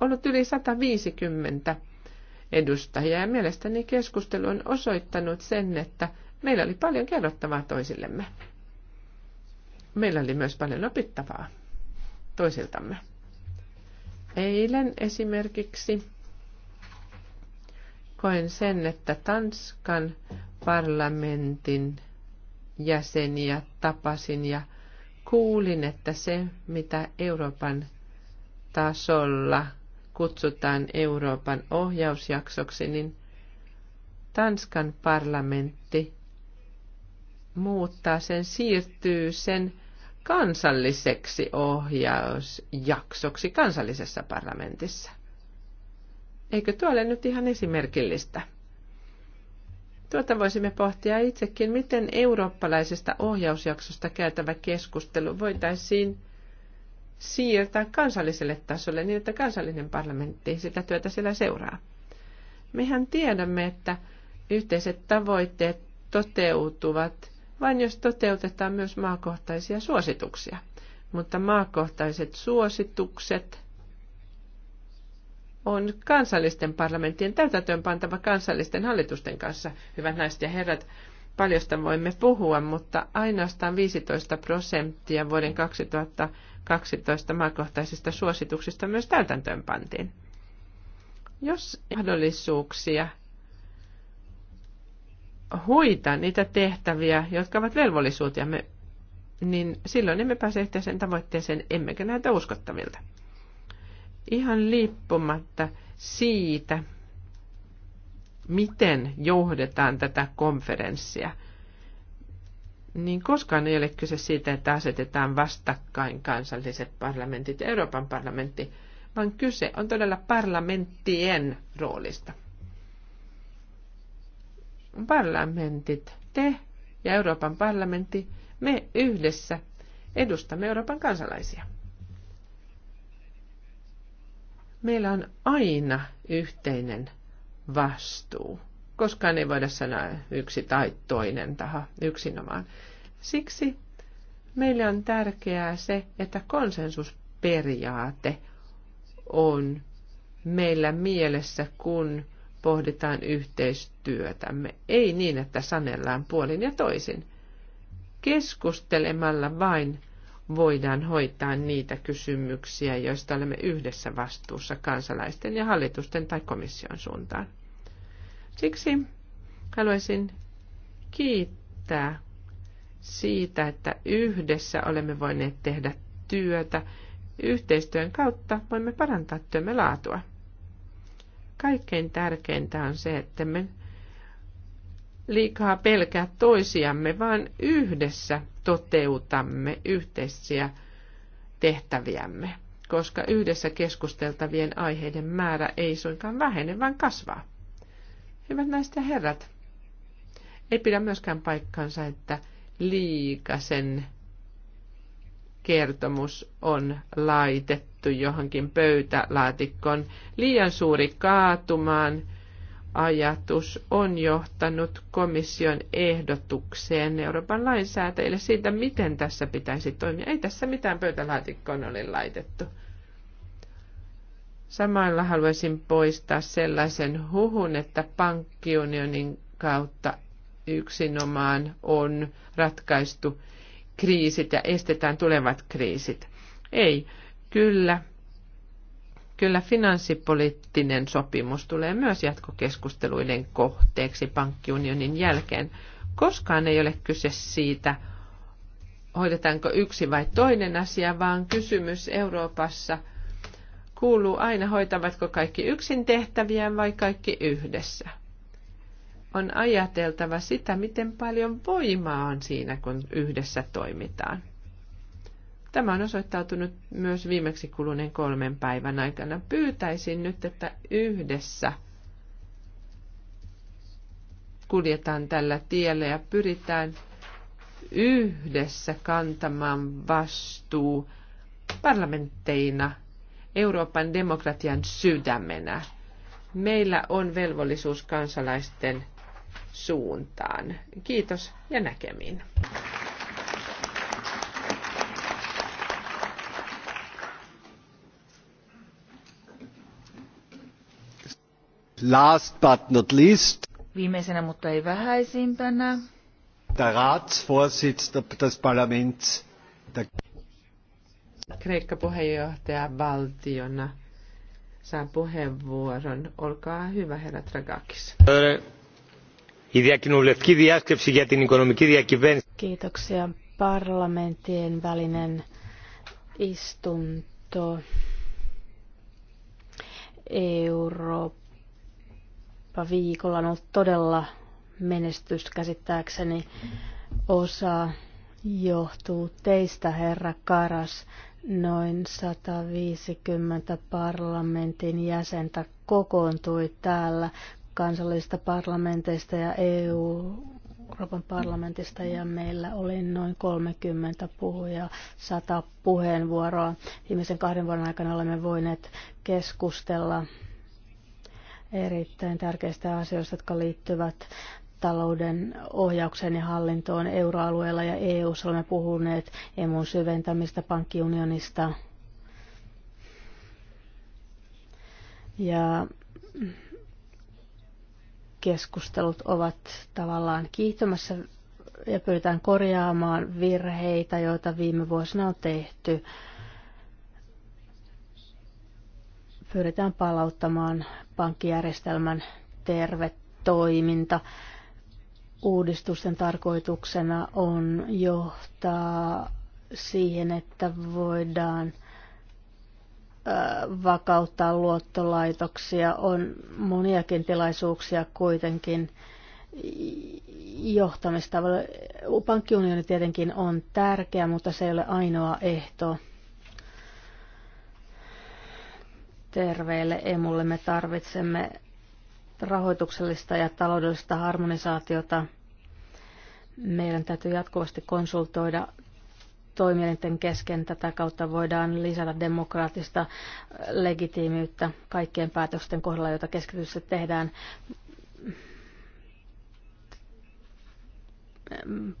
ollut yli 150 edustajia ja mielestäni keskustelu on osoittanut sen, että meillä oli paljon kerrottavaa toisillemme. Meillä oli myös paljon opittavaa toisiltamme. Eilen esimerkiksi koen sen, että Tanskan parlamentin jäseniä tapasin ja kuulin, että se, mitä Euroopan tasolla kutsutaan Euroopan ohjausjaksoksi, niin Tanskan parlamentti muuttaa sen, siirtyy sen kansalliseksi ohjausjaksoksi kansallisessa parlamentissa. Eikö tuo ole nyt ihan esimerkillistä? Tuota voisimme pohtia itsekin, miten eurooppalaisesta ohjausjaksosta käytävä keskustelu voitaisiin siirtää kansalliselle tasolle niin, että kansallinen parlamentti sitä työtä siellä seuraa. Mehän tiedämme, että yhteiset tavoitteet toteutuvat vain jos toteutetaan myös maakohtaisia suosituksia. Mutta maakohtaiset suositukset on kansallisten parlamenttien täytäntöönpantava kansallisten hallitusten kanssa. Hyvät naiset ja herrat, paljosta voimme puhua, mutta ainoastaan 15 prosenttia vuoden 2012 maakohtaisista suosituksista myös täytäntöön pantiin. Jos mahdollisuuksia hoitaa niitä tehtäviä, jotka ovat velvollisuutiamme, niin silloin emme pääse yhteiseen tavoitteeseen, emmekä näitä uskottavilta ihan liippumatta siitä, miten johdetaan tätä konferenssia, niin koskaan ei ole kyse siitä, että asetetaan vastakkain kansalliset parlamentit ja Euroopan parlamentti, vaan kyse on todella parlamenttien roolista. Parlamentit, te ja Euroopan parlamentti, me yhdessä edustamme Euroopan kansalaisia. meillä on aina yhteinen vastuu. Koskaan ei voida sanoa yksi tai toinen taho yksinomaan. Siksi meille on tärkeää se, että konsensusperiaate on meillä mielessä, kun pohditaan yhteistyötämme. Ei niin, että sanellaan puolin ja toisin. Keskustelemalla vain voidaan hoitaa niitä kysymyksiä, joista olemme yhdessä vastuussa kansalaisten ja hallitusten tai komission suuntaan. Siksi haluaisin kiittää siitä, että yhdessä olemme voineet tehdä työtä. Yhteistyön kautta voimme parantaa työmme laatua. Kaikkein tärkeintä on se, että me liikaa pelkää toisiamme, vaan yhdessä toteutamme yhteisiä tehtäviämme, koska yhdessä keskusteltavien aiheiden määrä ei suinkaan vähene, vaan kasvaa. Hyvät naiset ja herrat, ei pidä myöskään paikkansa, että liikasen kertomus on laitettu johonkin pöytälaatikkoon liian suuri kaatumaan – ajatus on johtanut komission ehdotukseen Euroopan lainsäätäjille siitä, miten tässä pitäisi toimia. Ei tässä mitään pöytälaatikkoon ole laitettu. Samalla haluaisin poistaa sellaisen huhun, että pankkiunionin kautta yksinomaan on ratkaistu kriisit ja estetään tulevat kriisit. Ei, kyllä Kyllä finanssipoliittinen sopimus tulee myös jatkokeskusteluiden kohteeksi pankkiunionin jälkeen. Koskaan ei ole kyse siitä, hoidetaanko yksi vai toinen asia, vaan kysymys Euroopassa kuuluu aina, hoitavatko kaikki yksin tehtäviä vai kaikki yhdessä. On ajateltava sitä, miten paljon voimaa on siinä, kun yhdessä toimitaan. Tämä on osoittautunut myös viimeksi kuluneen kolmen päivän aikana. Pyytäisin nyt, että yhdessä kuljetaan tällä tiellä ja pyritään yhdessä kantamaan vastuu parlamentteina Euroopan demokratian sydämenä. Meillä on velvollisuus kansalaisten suuntaan. Kiitos ja näkemiin. Last but not least. Viimeisenä, mutta ei vähäisimpänä. Der Ratsvorsitz des Parlaments. Der Kreikka puheenjohtaja valtiona saa puheenvuoron. Olkaa hyvä, herra Tragakis. Kiitoksia. Parlamenttien välinen istunto Eurooppa viikolla on ollut todella menestys käsittääkseni. Osa johtuu teistä, herra Karas, noin 150 parlamentin jäsentä kokoontui täällä kansallisista parlamenteista ja EU Euroopan parlamentista ja meillä oli noin 30 puhujaa, 100 puheenvuoroa. Viimeisen kahden vuoden aikana olemme voineet keskustella erittäin tärkeistä asioista, jotka liittyvät talouden ohjaukseen ja hallintoon euroalueella ja eu olemme puhuneet emun syventämistä, pankkiunionista ja keskustelut ovat tavallaan kiihtymässä ja pyritään korjaamaan virheitä, joita viime vuosina on tehty pyritään palauttamaan pankkijärjestelmän terve toiminta. Uudistusten tarkoituksena on johtaa siihen, että voidaan vakauttaa luottolaitoksia. On moniakin tilaisuuksia kuitenkin johtamista Pankkiunioni tietenkin on tärkeä, mutta se ei ole ainoa ehto terveelle emulle. Me tarvitsemme rahoituksellista ja taloudellista harmonisaatiota. Meidän täytyy jatkuvasti konsultoida toimielinten kesken. Tätä kautta voidaan lisätä demokraattista legitiimiyttä kaikkien päätösten kohdalla, joita keskityssä tehdään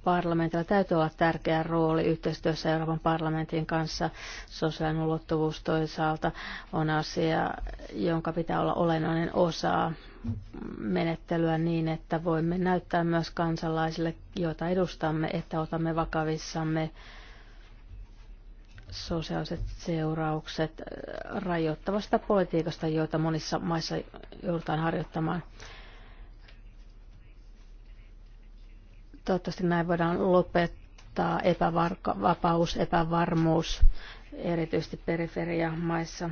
parlamentilla täytyy olla tärkeä rooli yhteistyössä Euroopan parlamentin kanssa. Sosiaalinen ulottuvuus toisaalta on asia, jonka pitää olla olennainen osa menettelyä niin, että voimme näyttää myös kansalaisille, joita edustamme, että otamme vakavissamme sosiaaliset seuraukset rajoittavasta politiikasta, joita monissa maissa joudutaan harjoittamaan. Toivottavasti näin voidaan lopettaa epävapaus, epävarmuus, erityisesti periferiamaissa.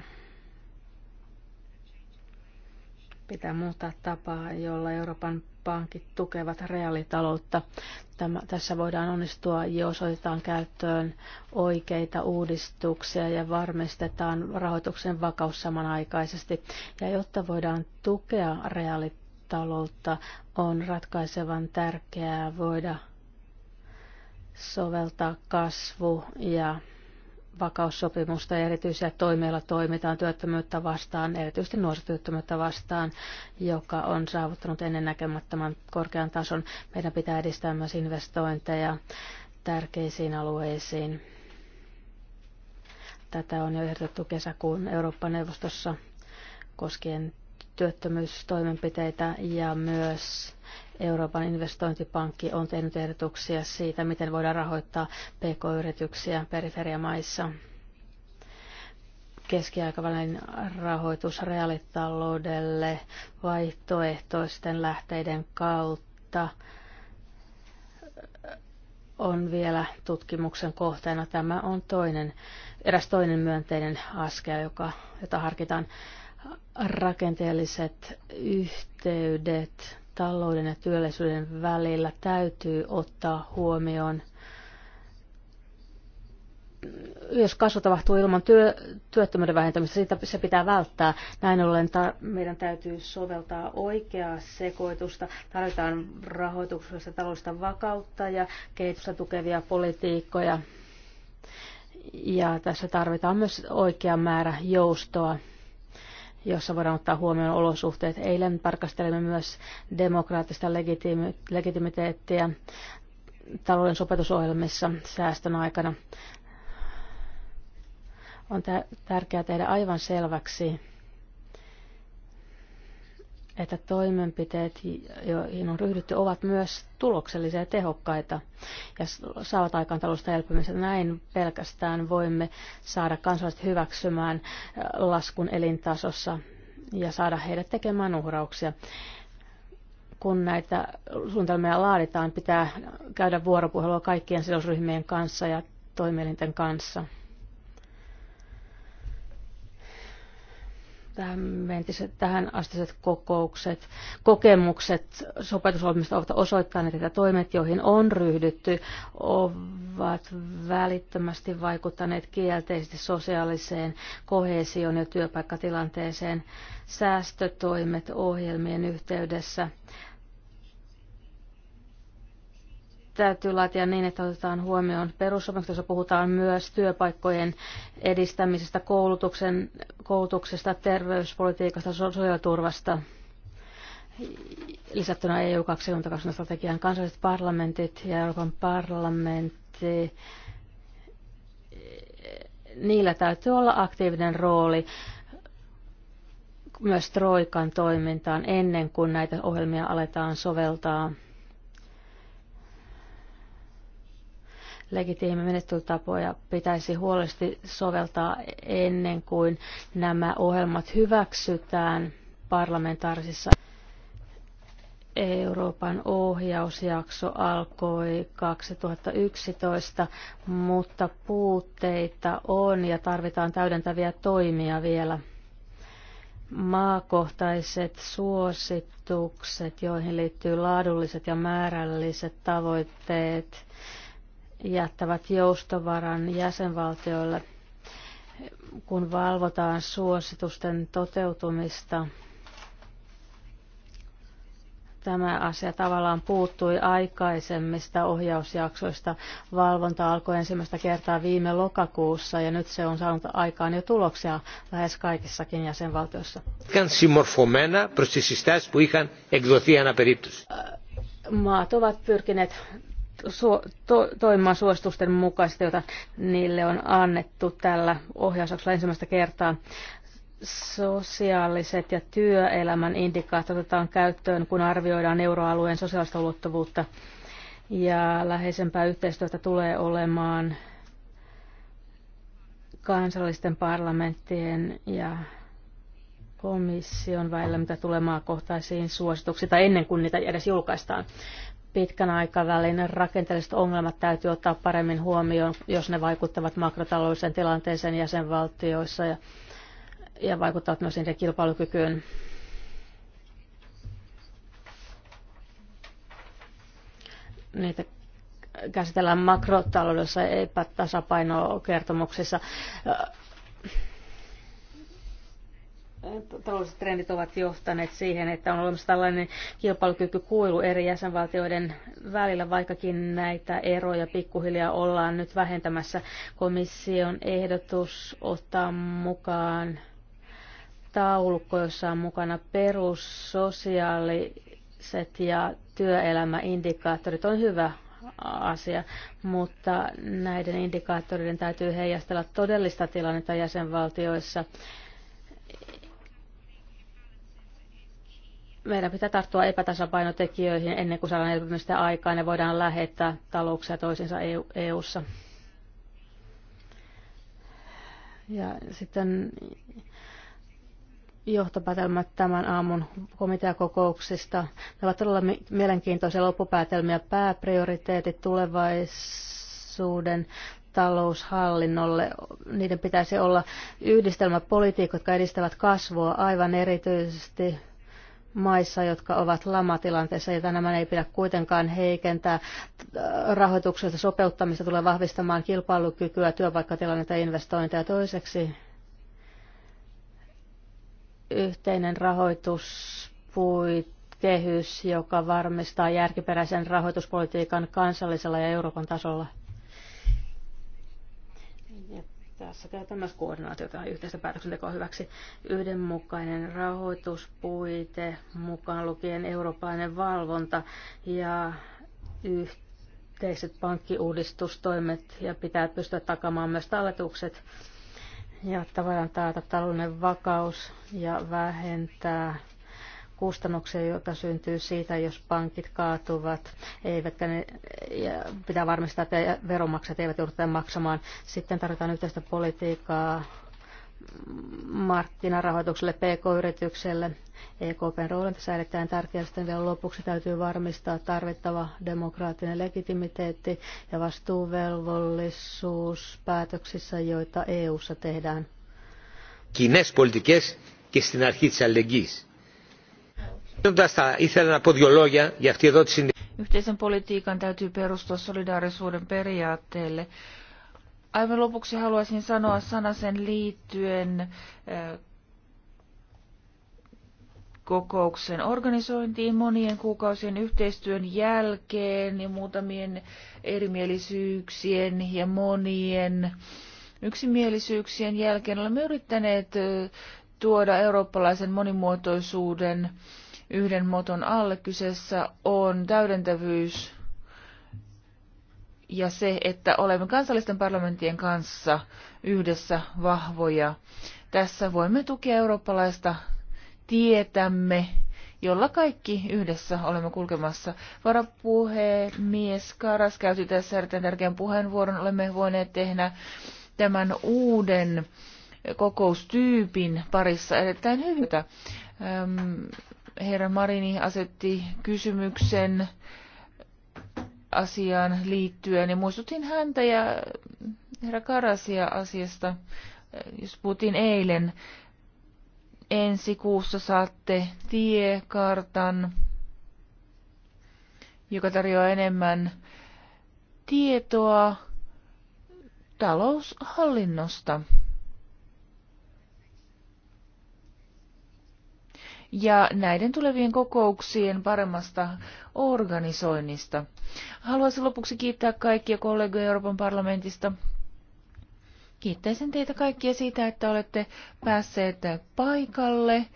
Pitää muuttaa tapaa, jolla Euroopan pankit tukevat reaalitaloutta. Tämä, tässä voidaan onnistua, jos otetaan käyttöön oikeita uudistuksia ja varmistetaan rahoituksen vakaus samanaikaisesti. Ja jotta voidaan tukea reaalitaloutta, maataloutta, on ratkaisevan tärkeää voida soveltaa kasvu- ja vakaussopimusta ja erityisiä toimijoilla toimitaan työttömyyttä vastaan, erityisesti nuorisotyöttömyyttä vastaan, joka on saavuttanut ennennäkemättömän korkean tason. Meidän pitää edistää myös investointeja tärkeisiin alueisiin. Tätä on jo ehdotettu kesäkuun Eurooppa-neuvostossa koskien työttömyystoimenpiteitä ja myös Euroopan investointipankki on tehnyt ehdotuksia siitä, miten voidaan rahoittaa pk-yrityksiä periferiamaissa. Keskiaikavälin rahoitus reaalitaloudelle vaihtoehtoisten lähteiden kautta on vielä tutkimuksen kohteena. Tämä on toinen, eräs toinen myönteinen askel, joka, jota harkitaan rakenteelliset yhteydet talouden ja työllisyyden välillä täytyy ottaa huomioon. Jos kasvu tapahtuu ilman työ, työttömyyden vähentämistä, sitä, se pitää välttää. Näin ollen ta- meidän täytyy soveltaa oikeaa sekoitusta. Tarvitaan rahoituksesta taloudellista vakautta ja kehitystä tukevia politiikkoja. Ja tässä tarvitaan myös oikea määrä joustoa jossa voidaan ottaa huomioon olosuhteet. Eilen tarkastelimme myös demokraattista legitimiteettiä talouden sopetusohjelmissa säästön aikana. On tärkeää tehdä aivan selväksi, että toimenpiteet, joihin on ryhdytty, ovat myös tuloksellisia ja tehokkaita ja saavat aikaan talousta elpymistä. Näin pelkästään voimme saada kansalaiset hyväksymään laskun elintasossa ja saada heidät tekemään uhrauksia. Kun näitä suunnitelmia laaditaan, pitää käydä vuoropuhelua kaikkien sidosryhmien kanssa ja toimielinten kanssa. tähän, tähän astiset kokoukset, kokemukset sopeutusohjelmista ovat osoittaneet, että toimet, joihin on ryhdytty, ovat välittömästi vaikuttaneet kielteisesti sosiaaliseen kohesioon ja työpaikkatilanteeseen. Säästötoimet ohjelmien yhteydessä täytyy laatia niin, että otetaan huomioon perussopimukset, jossa puhutaan myös työpaikkojen edistämisestä, koulutuksen, koulutuksesta, terveyspolitiikasta, sosiaaliturvasta. Lisättynä EU 2020 strategian kansalliset parlamentit ja Euroopan parlamentti, niillä täytyy olla aktiivinen rooli myös Troikan toimintaan ennen kuin näitä ohjelmia aletaan soveltaa legitiimi menettelytapoja pitäisi huolellisesti soveltaa ennen kuin nämä ohjelmat hyväksytään parlamentaarisissa. Euroopan ohjausjakso alkoi 2011, mutta puutteita on ja tarvitaan täydentäviä toimia vielä. Maakohtaiset suositukset, joihin liittyy laadulliset ja määrälliset tavoitteet, jättävät joustovaran jäsenvaltioille, kun valvotaan suositusten toteutumista. Tämä asia tavallaan puuttui aikaisemmista ohjausjaksoista. Valvonta alkoi ensimmäistä kertaa viime lokakuussa ja nyt se on saanut aikaan jo tuloksia lähes kaikissakin jäsenvaltioissa maat ovat pyrkineet su- to- toimimaan suositusten mukaisesti, joita niille on annettu tällä ohjausoksella ensimmäistä kertaa. Sosiaaliset ja työelämän indikaattorit otetaan käyttöön, kun arvioidaan euroalueen sosiaalista ulottuvuutta. Ja läheisempää yhteistyötä tulee olemaan kansallisten parlamenttien ja komission välillä, mitä tulee maakohtaisiin suosituksiin, tai ennen kuin niitä edes julkaistaan pitkän aikavälin rakenteelliset ongelmat täytyy ottaa paremmin huomioon, jos ne vaikuttavat makrotaloudelliseen tilanteeseen jäsenvaltioissa ja, ja vaikuttavat myös niiden kilpailukykyyn. Niitä käsitellään makrotaloudessa epätasapainokertomuksissa taloudelliset trendit ovat johtaneet siihen, että on olemassa tällainen kilpailukykykuilu eri jäsenvaltioiden välillä, vaikkakin näitä eroja pikkuhiljaa ollaan nyt vähentämässä. Komission ehdotus ottaa mukaan taulukko, jossa on mukana perussosiaaliset ja työelämäindikaattorit, on hyvä asia, mutta näiden indikaattoreiden täytyy heijastella todellista tilannetta jäsenvaltioissa meidän pitää tarttua epätasapainotekijöihin ennen kuin saadaan elpymistä aikaan ja voidaan lähettää talouksia toisensa EU- e ssa Ja sitten johtopäätelmät tämän aamun komiteakokouksista. Ne ovat todella mielenkiintoisia loppupäätelmiä. Pääprioriteetit tulevaisuuden taloushallinnolle. Niiden pitäisi olla yhdistelmäpolitiikka, jotka edistävät kasvua aivan erityisesti maissa, jotka ovat lamatilanteessa, ja nämä ei pidä kuitenkaan heikentää. Rahoituksesta sopeuttamista tulee vahvistamaan kilpailukykyä, työpaikkatilannetta ja investointeja. Toiseksi yhteinen rahoituspuitkehys, joka varmistaa järkiperäisen rahoituspolitiikan kansallisella ja Euroopan tasolla. Tässä käytetään myös koordinaatiota ja yhteistä päätöksentekoa hyväksi. Yhdenmukainen rahoituspuite, mukaan lukien eurooppalainen valvonta ja yhteiset pankkiuudistustoimet ja pitää pystyä takamaan myös talletukset ja tavallaan taata taloudellinen vakaus ja vähentää kustannuksia, joita syntyy siitä, jos pankit kaatuvat, eivätkä ne, ja pitää varmistaa, että veronmaksajat eivät joudu maksamaan. Sitten tarvitaan yhteistä politiikkaa markkinarahoitukselle PK-yritykselle. EKPn rooli tässä erittäin tärkeä. Sitten vielä lopuksi täytyy varmistaa tarvittava demokraattinen legitimiteetti ja vastuuvelvollisuus päätöksissä, joita EU-ssa tehdään. Κοινές πολιτικές και στην αρχή της αλληλεγγύης. Yhteisen politiikan täytyy perustua solidaarisuuden periaatteelle. Aivan lopuksi haluaisin sanoa sanasen liittyen eh, kokouksen organisointiin monien kuukausien yhteistyön jälkeen ja muutamien erimielisyyksien ja monien yksimielisyyksien jälkeen olemme yrittäneet eh, tuoda eurooppalaisen monimuotoisuuden yhden moton alle. Kyseessä on täydentävyys ja se, että olemme kansallisten parlamenttien kanssa yhdessä vahvoja. Tässä voimme tukea eurooppalaista tietämme, jolla kaikki yhdessä olemme kulkemassa. Varapuhemies Karas käytti tässä erittäin tärkeän puheenvuoron. Olemme voineet tehdä tämän uuden kokoustyypin parissa erittäin hyvää herra Marini asetti kysymyksen asiaan liittyen ja muistutin häntä ja herra Karasia asiasta, jos puhuttiin eilen. Ensi kuussa saatte tiekartan, joka tarjoaa enemmän tietoa taloushallinnosta. ja näiden tulevien kokouksien paremmasta organisoinnista. Haluaisin lopuksi kiittää kaikkia kollegoja Euroopan parlamentista. Kiittäisin teitä kaikkia siitä, että olette päässeet paikalle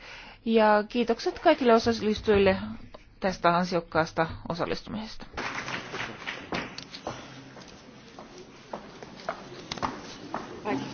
ja kiitokset kaikille osallistujille tästä ansiokkaasta osallistumisesta.